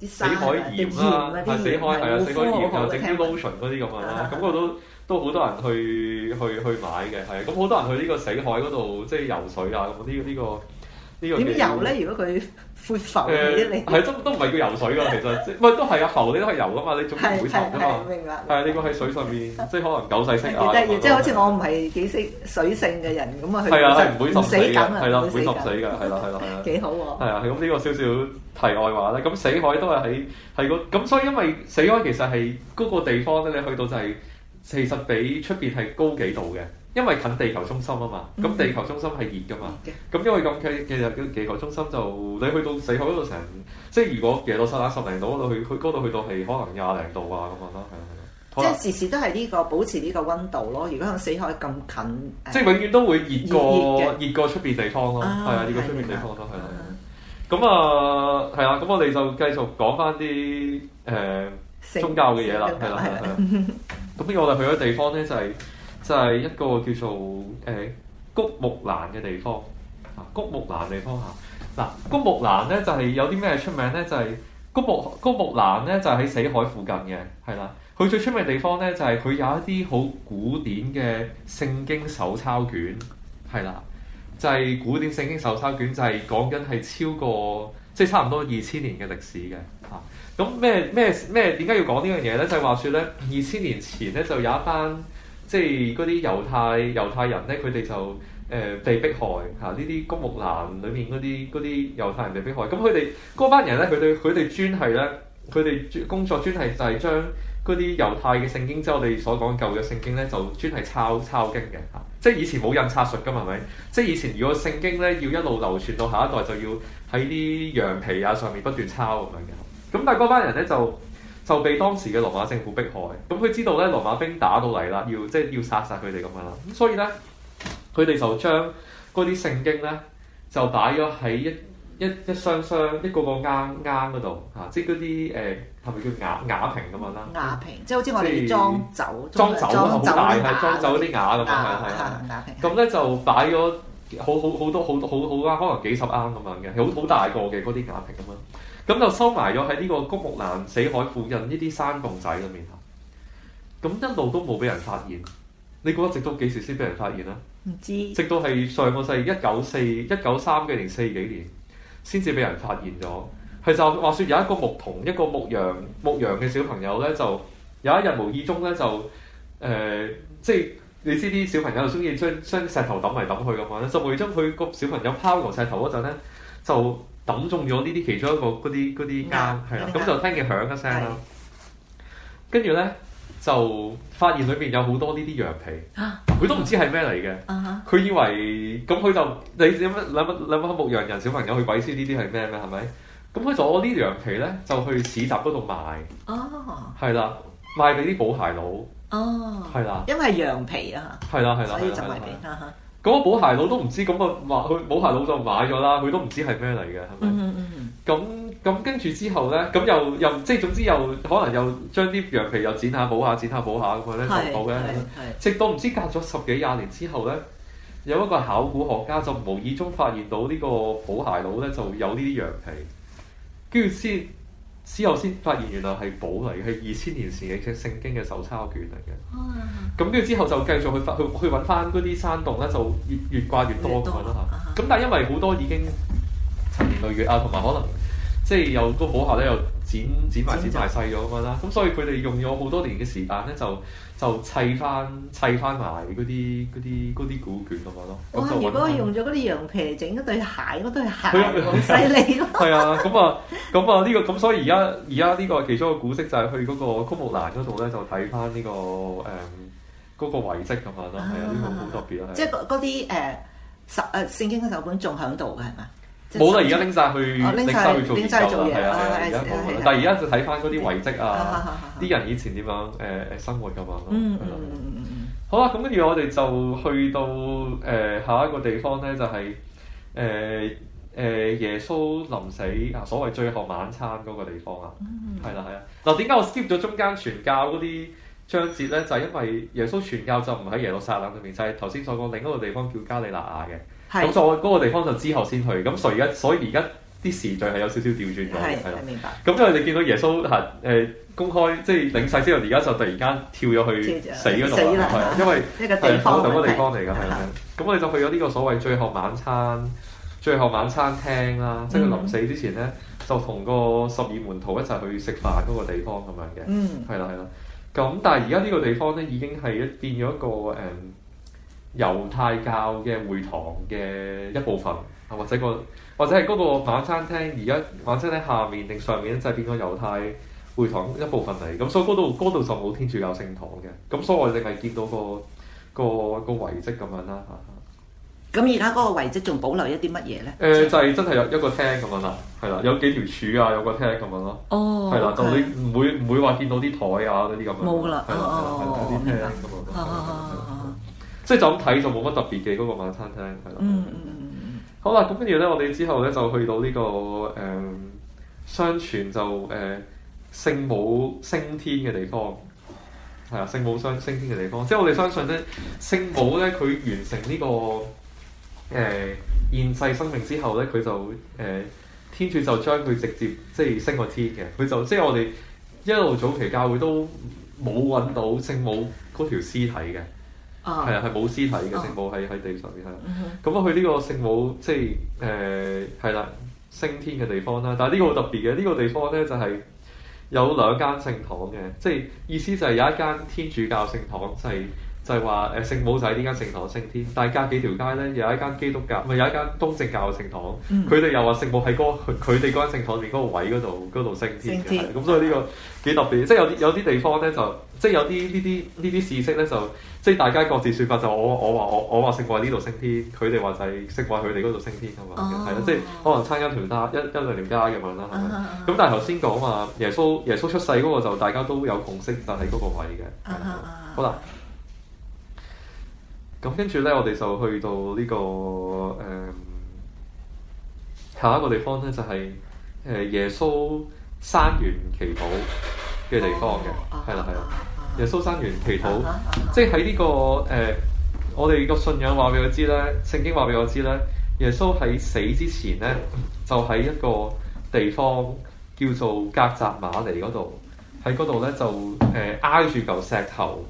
啊、死海鹽啦，死海係啊，死海鹽啊，整啲 lotion 嗰啲咁啊啦。咁我、 那個、都都好多人去去去，去買嘅，係咁好多人去呢個死海嗰度即係游水啊咁呢呢個。這個點游咧？如果佢闊浮嘅，你係都都唔係叫游水噶，其實，喂，都係啊，浮你都係游噶嘛，你總唔會沉噶嘛。明白，係啊，呢個喺水上面，即係可能狗世稱啊。即係好似我唔係幾識水性嘅人咁啊，去真係唔會沉噶。係啦，唔會沉死㗎，係啦，係啦，係啦。幾好喎？係啊，咁呢個少少題外話啦。咁死海都係喺喺個咁，所以因為死海其實係嗰個地方咧，你去到就係其實比出邊係高幾度嘅。因為近地球中心啊嘛，咁地球中心係熱噶嘛，咁因為咁近嘅就地球中心就你去到死海嗰度成，即係如果耶路撒冷十零度嗰度去去嗰度去到係可能廿零度啊咁樣啦，係即係時時都係呢個保持呢個溫度咯。如果喺死海咁近，即係永遠都會熱過熱過出邊地方咯，係啊，熱過出邊地方咯，係啦。咁啊，係啊，咁我哋就繼續講翻啲誒宗教嘅嘢啦，係啦，係啦。咁我哋去咗地方咧就係。就係一個叫做誒谷、哎、木蘭嘅地方啊，谷木蘭地方嚇嗱，谷、啊、木蘭咧就係、是、有啲咩出名咧？就係、是、谷木谷木蘭咧，就喺、是、死海附近嘅，係啦。佢最出名嘅地方咧就係、是、佢有一啲好古典嘅聖經手抄卷，係啦，就係、是、古典聖經手抄卷就係講緊係超過即係差唔多二千年嘅歷史嘅嚇。咁咩咩咩點解要講呢樣嘢咧？就係、是啊就是、話說咧，二千年前咧就有一班。即係嗰啲猶太猶太人咧，佢哋就誒、呃、被迫害嚇，呢啲公木蘭裏面嗰啲啲猶太人被迫害。咁佢哋嗰班人咧，佢哋佢哋專係咧，佢哋工作專係就係將嗰啲猶太嘅聖經，即我哋所講舊嘅聖經咧，就專係抄抄經嘅嚇、啊。即係以前冇印刷術㗎嘛，係咪？即係以前如果聖經咧要一路流傳到下一代，就要喺啲羊皮啊上面不斷抄咁樣嘅。咁但係嗰班人咧就。就被當時嘅羅馬政府迫害，咁佢知道咧羅馬兵打到嚟啦，要即係要殺殺佢哋咁樣啦，咁所以咧佢哋就將嗰啲聖經咧就擺咗喺一一一箱箱、一個個啱啱嗰度嚇，即係嗰啲誒係咪叫瓦瓦瓶咁樣啦？瓦瓶，即係好似我哋裝酒裝酒咁大，係裝酒嗰啲瓦咁樣係啊係啊，咁咧就擺咗好好好多好多好好啊可能幾十罈咁樣嘅，好好大個嘅嗰啲瓦瓶咁樣。咁就收埋咗喺呢個枯木林、死海附近呢啲山洞仔入面啦。咁一路都冇俾人發現。你估一直都幾時先俾人發現啊？唔知。直到係上個世紀一九四一九三幾年、四幾年，先至俾人發現咗。係就話說有一個牧童、一個牧羊、牧羊嘅小朋友咧，就有一日無意中咧就誒、呃，即係你知啲小朋友中意將將石頭揼嚟揼去咁樣咧，就無意中佢個小朋友拋落石頭嗰陣咧就。揼中咗呢啲其中一個嗰啲啲間係啦，咁就聽見響一聲啦，跟住咧就發現裏邊有好多呢啲羊皮，佢都唔知係咩嚟嘅，佢以為咁佢就你諗乜諗乜牧羊人小朋友去鬼先？呢啲係咩咩係咪？咁佢就攞啲羊皮咧就去市集嗰度賣，係啦賣俾啲補鞋佬，係啦，因為羊皮啊，係啦係啦，就賣俾佢。咁個補鞋佬都唔知，咁、那個話佢補鞋佬就買咗啦，佢都唔知係咩嚟嘅，係咪？咁咁跟住之後咧，咁又又即係總之又可能又將啲羊皮又剪下補下，剪下補下咁樣咧，補嘅，直到唔知隔咗十幾廿年之後咧，有一個考古學家就無意中發現到呢個補鞋佬咧就有呢啲羊皮，跟住先。之後先發現原來係寶嚟嘅，係二千年前嘅聖經嘅手抄卷嚟嘅。咁跟住之後就繼續去發去去揾翻嗰啲山洞咧，就越越掛越多嘅啦。咁但係因為好多已經陳年累月啊，同埋可能即係有都好校咧有。剪剪埋剪埋細咗咁啦，咁所以佢哋用咗好多年嘅時間咧，就就砌翻砌翻埋嗰啲啲啲古卷咁樣咯。如果用咗嗰啲羊皮嚟整一對鞋，對鞋好犀利咯。係啊，咁啊，咁啊，呢個咁所以而家而家呢個其中個古跡就係去嗰個曲木蘭嗰度咧，就睇翻呢個誒嗰個遺跡咁樣咯。係啊，呢個好特別啊。即係嗰啲誒十誒聖經嘅手本仲喺度嘅係咪？冇啦，而家拎晒去拎晒去做嘢，係啊，而家冇。但係而家就睇翻嗰啲遺跡啊，啲人以前點樣誒誒生活咁樣。嗯嗯嗯嗯嗯。好啦，咁跟住我哋就去到誒下一個地方咧，就係誒誒耶穌臨死啊，所謂最後晚餐嗰個地方啊。嗯，係啦，係啊。嗱，點解我 skip 咗中間傳教嗰啲章節咧？就係因為耶穌傳教就唔喺耶路撒冷入面，就係頭先所講另一個地方叫加利納亞嘅。咁就嗰個地方就之後先去，咁所以而家所以而家啲時序係有少少調轉咗，係啦。明白。咁因為你見到耶穌係誒公開，即係領洗之後，而家就突然間跳咗去死嗰度啦，係啊，因為一個地方個地方嚟㗎，係啊。咁我哋就去咗呢個所謂最後晚餐、最後晚餐廳啦，即係佢臨死之前咧，就同個十二門徒一齊去食飯嗰個地方咁樣嘅，係啦係啦。咁但係而家呢個地方咧已經係一變咗一個誒，猶太教嘅會堂嘅一部分，或者、嗰個或者係嗰個晚餐廳，而家晚餐廳下面定上面，就係變咗猶太會堂一部分嚟。咁所以嗰度度就冇天主教聖堂嘅。咁所以我淨係見到、嗰個、嗰個、嗰個遺跡咁樣啦。咁而家嗰個遺跡仲保留一啲乜嘢咧？誒、呃、就係真係有一個廳咁樣啦，係啦，有幾條柱啊，有個廳咁樣咯。哦。係啦，就 okay. 你唔會唔會話見到啲台啊嗰啲咁樣。冇㗎了啦。哦哦哦。白即係就咁睇就冇乜特別嘅，嗰、嗰個晚餐廳係啦、嗯。嗯嗯嗯好啦，咁跟住咧，我哋之後咧就去到呢、呢個誒、呃、相傳就誒、呃、聖母升天嘅地方。係啊，聖母相升天嘅地方，即係我哋相信咧，聖母咧佢完成呢、呢個誒、呃、現世生命之後咧，佢就誒、呃、天主就將佢直接即係升個天嘅。佢就即係我哋一路早期教會都冇揾到聖母嗰條屍體嘅。係啊，係冇屍體嘅聖母喺喺地上面係。咁啊、嗯，去呢個聖母即係誒係啦升天嘅地方啦。但係呢個好特別嘅呢、呢個地方咧，就係、是、有兩間聖堂嘅，即、就、係、是、意思就係有一間天主教聖堂、就是，就係就係話誒聖母就喺呢間聖堂升天。但係隔幾條街咧，有一間基督教，唔、呃、係有一間東正教聖堂。佢哋、嗯、又話聖母喺佢哋嗰間聖堂入面嗰個位嗰度度升天嘅。咁天所以呢個幾特別，即係、嗯嗯就是、有啲有啲地方咧，就即係有啲呢啲呢啲事跡咧就。就就即係大家各自説法，就我說我話我我話識話呢度升天，佢哋話就係食話佢哋嗰度升天咁樣嘅，係啦，即係、oh, oh. 可能差加調差一一兩條街咁樣啦，係咪？咁、uh huh. 但係頭先講啊，耶穌耶穌出世嗰個就大家都有共識，但喺嗰個位嘅、uh huh. 嗯，好啦。咁跟住咧，我哋就去到呢、這個誒、嗯、下一個地方咧，就係誒耶穌山園祈禱嘅地方嘅，係啦、uh，係、huh. 啦。 耶穌生完祈禱，嗯嗯嗯嗯，即係喺呢個誒、呃，我哋個信仰話俾我知咧，聖經話俾我知咧，耶穌喺死之前咧，就喺一個地方叫做格雜馬尼嗰度，喺嗰度咧就誒挨、呃、住嚿石頭，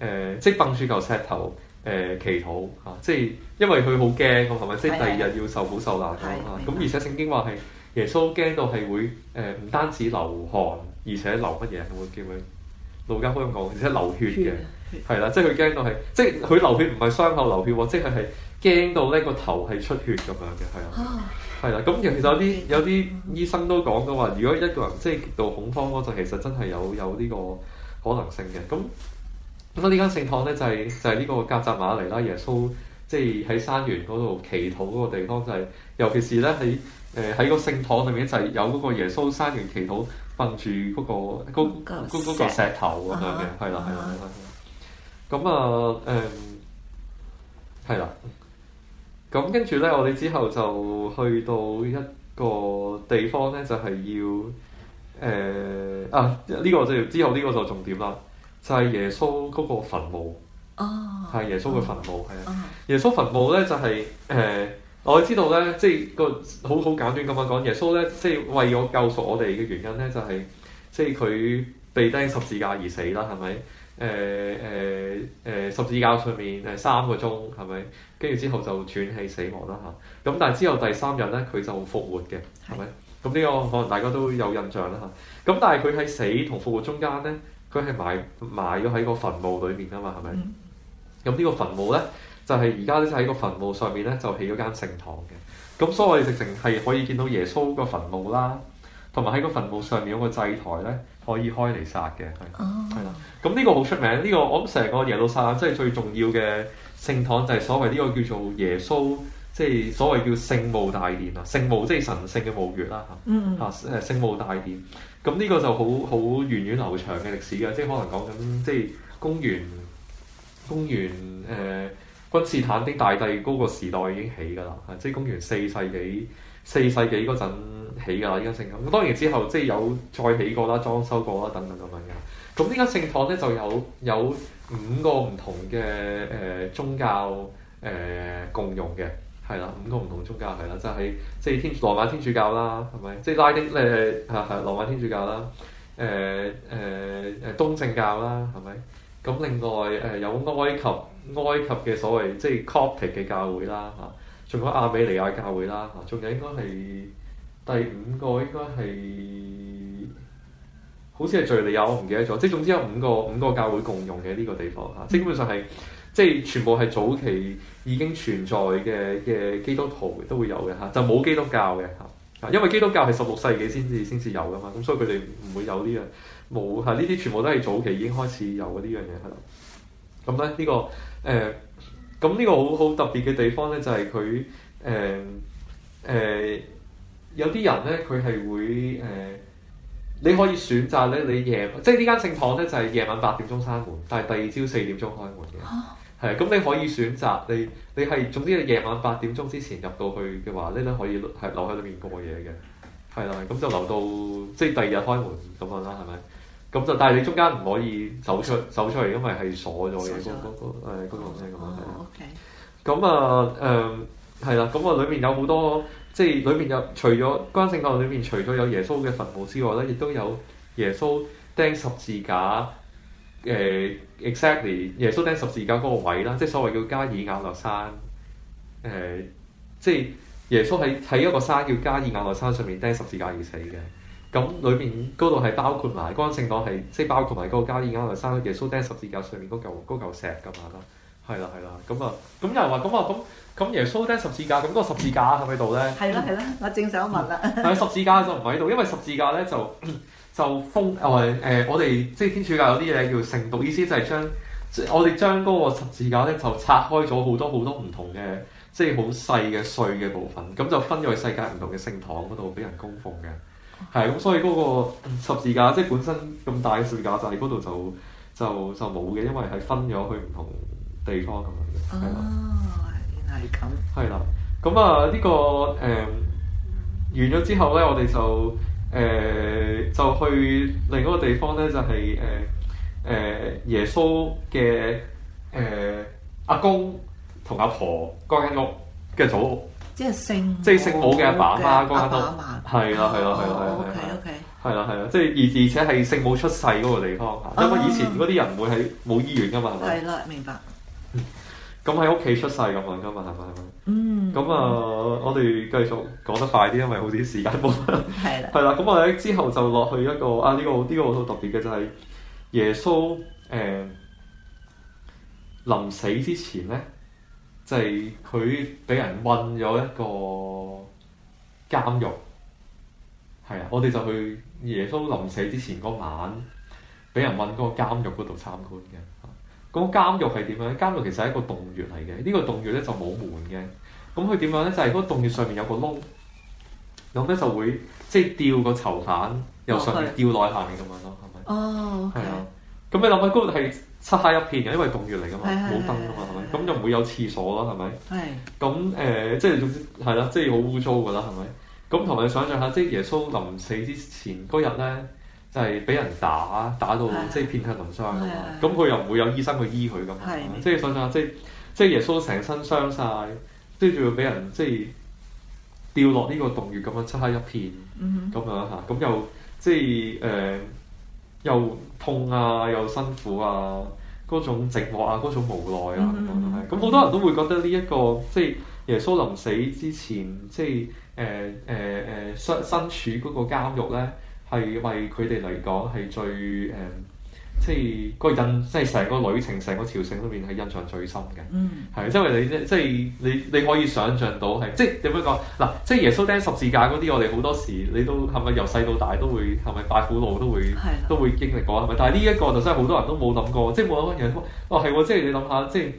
誒即係掟住嚿石頭，誒、呃、祈禱、吓、啊、即係因為佢好驚，係咪？的即係第二日要受苦受難啊嘛。咁而且聖經話係耶穌驚到係會誒唔單止流汗，而且流乜嘢？我叫佢。老交香港，而且流血嘅，係啦血，即係佢驚到係，即係佢流血唔係傷口流血喎，即係係驚到咧個頭係出血咁樣嘅，係啊，係啦、哦，咁其實有啲有啲醫生都講嘅話，如果一個人即係極度恐慌嗰陣，其實真係有有呢個可能性嘅。咁咁呢間聖堂咧就係、是、就係、是、呢個革責瑪尼啦，耶穌即係喺山園嗰度祈禱嗰個地方就係、是，尤其是咧喺誒喺個聖堂裏面就係有嗰個耶穌山園祈禱，瞓住嗰個嗰石頭咁樣嘅，係啦係啦係啦。咁啊誒，係啦。咁跟住咧，我哋之後就去到一個地方咧，就係要誒啊呢個就之後呢個就重點啦，就係耶穌嗰個墳墓。哦，係耶穌嘅墳墓，係啊。耶穌墳墓咧就係誒。我知道咧，即係個好好簡短咁樣講，耶穌咧，即係為咗救贖我哋嘅原因咧，就係、是、即係佢被釘十字架而死啦，係咪？誒誒誒，十字架上面誒三個鐘，係咪？跟住之後就喘氣死亡啦嚇。咁但係之後第三日咧，佢就復活嘅，係咪？咁呢是個可能大家都有印象啦嚇。咁但係佢喺死同復活中間咧，佢係埋埋咗喺個墳墓裏面啊嘛，係咪？咁、嗯、呢個墳墓咧。就係而家咧，喺個墳墓上面咧，就起咗間聖堂嘅。咁所以我哋直情係可以見到耶穌個墳墓啦，同埋喺個墳墓上面有個祭台咧，可以開嚟殺嘅。哦，係啦、oh.。咁呢個好出名。呢、這個我諗成個耶路撒冷即係、就是、最重要嘅聖堂，就係所謂呢個叫做耶穌，即、就、係、是、所謂叫聖霧大殿聖墓大殿。就是 mm hmm. 啊。聖墓即係神聖嘅墓穴啦嚇。嗯嗯。嚇誒聖墓大殿，咁呢個就好好源遠流長嘅歷史嘅，即、就、係、是、可能講緊即係公元公元誒。呃 mm hmm. 君士坦丁大帝嗰個時代已經起㗎啦，即係公元四世紀、四世紀嗰陣起㗎啦，依家聖堂。咁當然之後即係有再起過啦、裝修過啦等等咁樣嘅。咁依家聖堂咧就有有五個唔同嘅誒、呃、宗教誒、呃、共用嘅，係啦，五個唔同宗教係啦、就是，即係喺即係天羅馬天主教啦，係咪？即、就、係、是、拉丁誒係係羅馬天主教啦，誒誒誒東正教啦，係咪？咁另外誒、呃、有埃及。埃及嘅所謂即係 Coptic 嘅教會啦，嚇，仲有亞美尼亞教會啦，嚇，仲有應該係第五個應該係，好似係敍利亞，我唔記得咗。即係總之有五個五個教會共用嘅呢個地方嚇，即係基本上係即係全部係早期已經存在嘅嘅基督徒都會有嘅嚇，就冇基督教嘅嚇，因為基督教係十六世紀先至先至有㗎嘛，咁所以佢哋唔會有呢樣冇嚇，呢啲全部都係早期已經開始有嘅呢樣嘢啦。咁咧呢個誒，咁、呃、呢個好好特別嘅地方咧，就係佢誒誒有啲人咧，佢係會誒、呃，你可以選擇咧，你夜即係呢間聖堂咧，就係、是、夜晚八點鐘閂門，但係第二朝四點鐘開門嘅，係咁、啊、你可以選擇你你係總之你夜晚八點鐘之前入到去嘅話咧，你可以係留喺裏面過夜嘅，係啦，咁就留到即係第二日開門咁樣啦，係咪？咁就，但係你中間唔可以走出走出嚟，因為係鎖咗嘅。嗰了、那個誒咁啊？咁啊係啦。咁啊，裏、那個、面有好多，即係裏面有除咗關聖教裏面除咗有耶穌嘅墳墓之外咧，亦都有耶穌釘十字架。誒、呃、exactly，耶穌釘十字架嗰個位啦，即係所謂叫加爾瓦略山。誒、呃，即係耶穌喺喺一個山叫加爾瓦略山上面釘十字架而死嘅。咁裏面嗰度係包括埋嗰個聖堂係，即、就、係、是、包括埋嗰個交椅，啱啱生咗耶穌釘十字架上面嗰嚿石咁樣咯。係啦，係啦。咁、嗯、啊，咁有人話，咁啊，咁咁耶穌釘十字架，咁嗰個十字架係咪喺度咧？係咯，係咯，我正想問啦。係、嗯、十字架就唔喺度，因為十字架咧就就封，誒、呃、誒，我哋、呃、即係天主教有啲嘢叫聖髑，意思就係將我哋將嗰個十字架咧就拆開咗好多好多唔同嘅，即係好細嘅碎嘅部分，咁就分咗在世界唔同嘅聖堂嗰度俾人供奉嘅。係，咁所以嗰個十字架即係本身咁大嘅十字架，就喺嗰度就就就冇嘅，因為係分咗去唔同地方咁樣。哦，了原係咁。係啦，咁啊呢個誒、呃、完咗之後咧，我哋就誒、呃、就去另一個地方咧，就係誒誒耶穌嘅誒阿公同阿婆嗰間屋嘅祖屋。即係聖，即係聖母嘅阿爸阿媽嗰間都係啦，係啦，係啦，係啦，哦，係係啦，係啦，即係而而且係聖母出世嗰個地方，因為以前嗰啲人會喺冇醫院噶嘛，係咪？係啦，哦，明白。咁喺屋企出世咁樣噶嘛，係咪？係咪？嗯。咁啊，uh, 嗯、我哋繼續講得快啲，因為好似時間冇。係啦的。係啦， 咁我哋之後就落去一個啊，呢、這個呢、這個好特別嘅就係、是、耶穌誒、呃，臨死，亡死亡之前咧。就係佢俾人困咗一個監獄，係啊，我哋就去耶穌臨死之前個晚，俾人困個監獄嗰度參觀嘅。咁、啊嗯、監獄係點樣？監獄其實係一，呢個啊嗯就係、一個洞穴嚟嘅，呢個洞穴咧就冇門嘅。咁佢點樣咧？就係嗰個洞穴上面有個窿，咁咧就會即係吊個囚犯又上吊落下面咁樣咯，係咪？哦，OK。咁你諗下，嗰度係？漆黑一片嘅，因為洞穴嚟噶嘛，冇燈啊嘛，係咪？咁就唔會有廁所啦，係咪？咁誒，即係總之係啦，即係好污糟㗎啦，係咪？咁同你想象下，即係耶穌臨死之前嗰日咧，就係俾人打，打到即係遍體鱗傷啊嘛。咁佢又唔會有醫生去醫佢㗎嘛。即係想象下，即係即係耶穌成身傷晒，即係仲要俾人即係掉落呢個洞穴咁樣漆黑一片，咁樣嚇，咁又即係誒。又痛啊，又辛苦啊，嗰種寂寞啊，嗰種無奈啊咁好、Mm-hmm. 嗯、多人都會覺得呢、這、一個即係、即係、耶穌臨死之前即係誒誒誒身身處嗰個監獄咧係為佢哋嚟講係最誒。呃即係、個印，即係成個旅程，成個朝聖裏面係印象最深嘅。嗯，係即為你即係你你可以想像到係即係點樣講嗱，即係耶穌釘十字架嗰啲，我哋好多時你都係咪由細到大都會係咪拜苦路都會的都會經歷過係咪？但係呢一個就真係好多人都冇諗過，即係冇諗過哦，哇、哎，係喎！即係你諗下，即係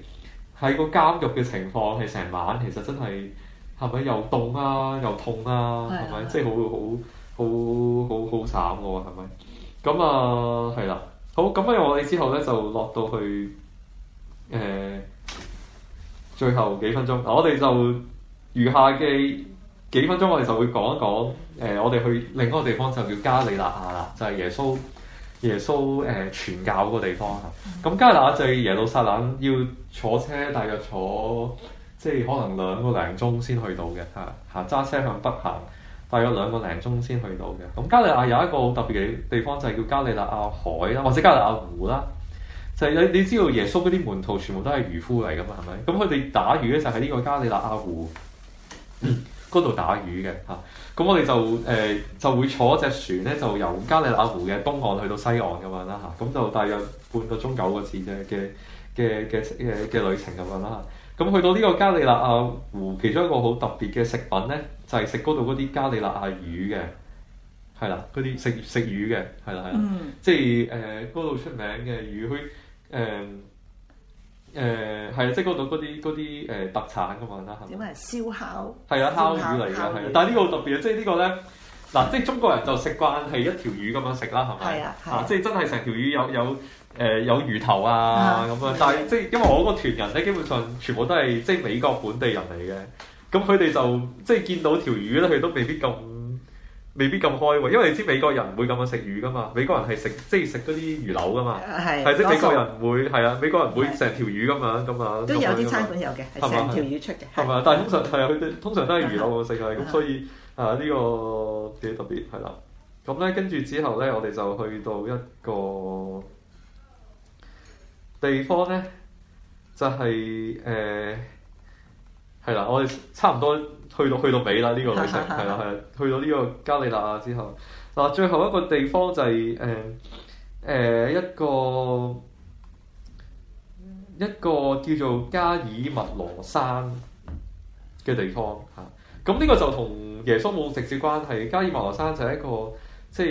喺個監獄嘅情況係成晚，其實真係係咪又凍啊又痛啊係咪？即係的好好好好好，好，好慘㗎喎係咪？咁啊係啦。啊啊啊好，咁樣我哋之後咧就落到去誒、呃、最後幾分鐘，嗱我哋就餘下嘅幾分鐘，我哋就會講一講誒、呃，我哋去另一個地方就叫加利納亞啦，就係、是、耶穌耶穌誒、呃、傳教嗰個地方嚇。咁、啊、加利納亞就係耶路撒冷，要坐車大約坐即係、就是、可能兩個零鐘先去到嘅嚇嚇，揸、啊、車向北行。大約兩個零鐘先去到嘅。咁加利亞有一個好特別嘅地方，就係、是、叫加利亞海啦，或者加利亞湖啦。就你、是、你知道耶穌嗰啲門徒全部都係漁夫嚟噶嘛，係咪？咁佢哋打魚咧就喺呢個加利亞湖嗰度打魚嘅嚇。咁我哋就誒、呃、就會坐隻船咧，就由加利亞湖嘅東岸去到西岸咁樣啦嚇。咁就大約半個鐘九個字嘅嘅嘅嘅嘅旅程咁樣啦。咁去到呢個加利納亞湖，其中一個好特別嘅食品咧，就係食嗰度嗰啲加利納亞魚嘅，係啦，嗰啲食食魚嘅，係啦係啦，即係誒嗰度出名嘅魚，去誒誒係啊，即係嗰度嗰啲嗰啲誒特產㗎嘛啦，係。點啊？燒烤。係啊，烤魚嚟㗎，係。但係呢個好特別啊，即係呢個咧，嗱，即係中國人就食慣係一條魚咁樣食啦，係咪？係啊。即係真係成條魚有有。誒有魚頭啊咁啊，但係即係因為我個團人咧，基本上全部都係即係美國本地人嚟嘅，咁佢哋就即係見到條魚咧，佢都未必咁未必咁開胃，因為你知美國人唔會咁樣食魚噶嘛，美國人係食即係食嗰啲魚柳噶嘛，係即美國人唔會係啊，美國人唔會成條魚噶嘛咁啊，都有啲餐館有嘅，係成條魚出嘅，係咪？但係通常係佢哋通常都係魚柳食世界咁，所以啊呢個幾特別係啦。咁咧跟住之後咧，我哋就去到一個。地方咧就係誒係啦，我哋差唔多去到去到尾啦，呢、這個旅程係啦係，去到呢個加利納亞之後，嗱、啊、最後一個地方就係誒誒一個一個叫做加爾麥羅山嘅地方嚇，咁、啊、呢個就同耶穌冇直接關係，加爾麥羅山就係一個即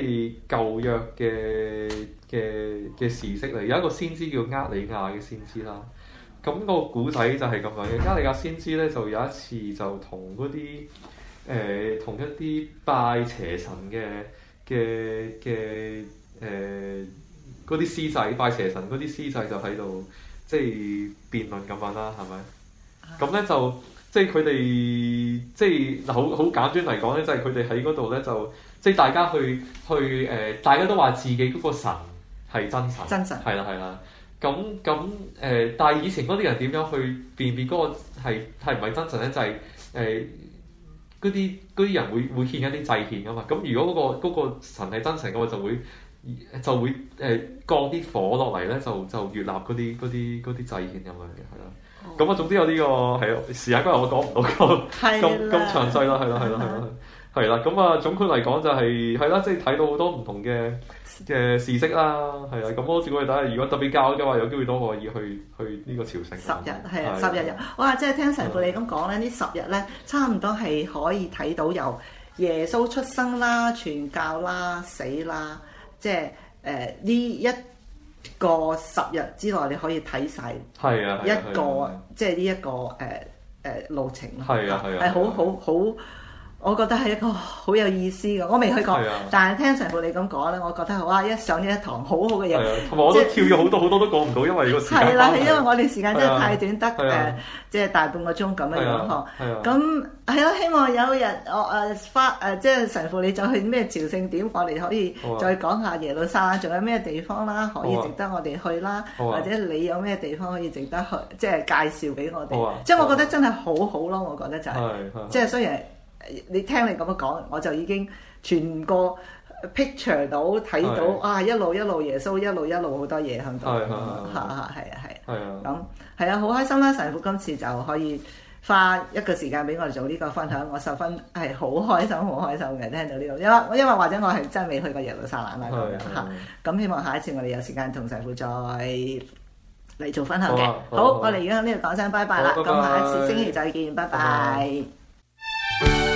係舊約嘅。嘅嘅事蹟嚟，有一個先知叫厄里亞嘅先知啦。咁個古仔就係咁樣嘅。厄里亞先知咧，就有一次就同嗰啲誒同一啲拜邪神嘅嘅嘅誒嗰啲師仔拜邪神嗰啲師仔就喺度即係辯論咁樣啦，係咪？咁咧就即係佢哋即係嗱好好簡單嚟講咧，就係佢哋喺嗰度咧就即係大家去去誒，大家都話自己嗰個神。係真神，係啦係啦，咁咁誒，但係以前嗰啲人點樣去辨別嗰個係唔係真神咧？就係誒嗰啲啲人會會獻一啲祭獻噶嘛。咁如果嗰個嗰個神係真神嘅話，就會就會誒降啲火落嚟咧，就就悅納嗰啲啲啲祭獻咁樣嘅，係啦。咁啊、哦，總之有呢個係咯，時間今日我講唔到咁咁咁詳細啦，係啦係啦係啦。的的係啦，咁啊 總括嚟講就係係啦，即係睇到好多唔同嘅嘅事蹟啦，係啊，咁好似我哋睇下。如果特別交嘅話，有機會都可以去去呢個朝聖。十日係啊，的十日日， 哇、嗯！即係聽神父你咁講咧，呢十日咧差唔多係可以睇到有耶穌出生啦、傳教啦、死啦，即係誒呢一個十日之內你可以睇晒，這個呃呃。啊，一個即係呢一個誒誒路程咯，係啊係啊，係好好好。我覺得係一個好有意思嘅，我未去過，但係聽神父你咁講咧，我覺得好啊，一上呢一堂好好嘅嘢，同埋我都跳咗好多好多都過唔到，因為嗰時係啦，係因為我哋時間真係太短，得誒即係大半個鐘咁樣樣嗬。咁係咯，希望有日我誒花誒即係神父你再去咩朝聖點，我哋可以再講下耶路撒冷，仲有咩地方啦，可以值得我哋去啦，或者你有咩地方可以值得去，即係介紹俾我哋。即係我覺得真係好好咯，我覺得就係，即係雖然。你聽你咁樣講，我就已經全個 picture 到睇到，啊一路一路耶穌，一路一路好多嘢響度，嚇啊，係啊係，咁係啊好開心啦！神父今次就可以花一個時間俾我哋做呢個分享，我十分係好開心好開心嘅聽到呢度，因因為或者我係真係未去過耶路撒冷啦嚇，咁希望下一次我哋有時間同神父再嚟做分享嘅。好，我哋而家喺呢度講聲拜拜啦，咁下一次星期再見，拜拜。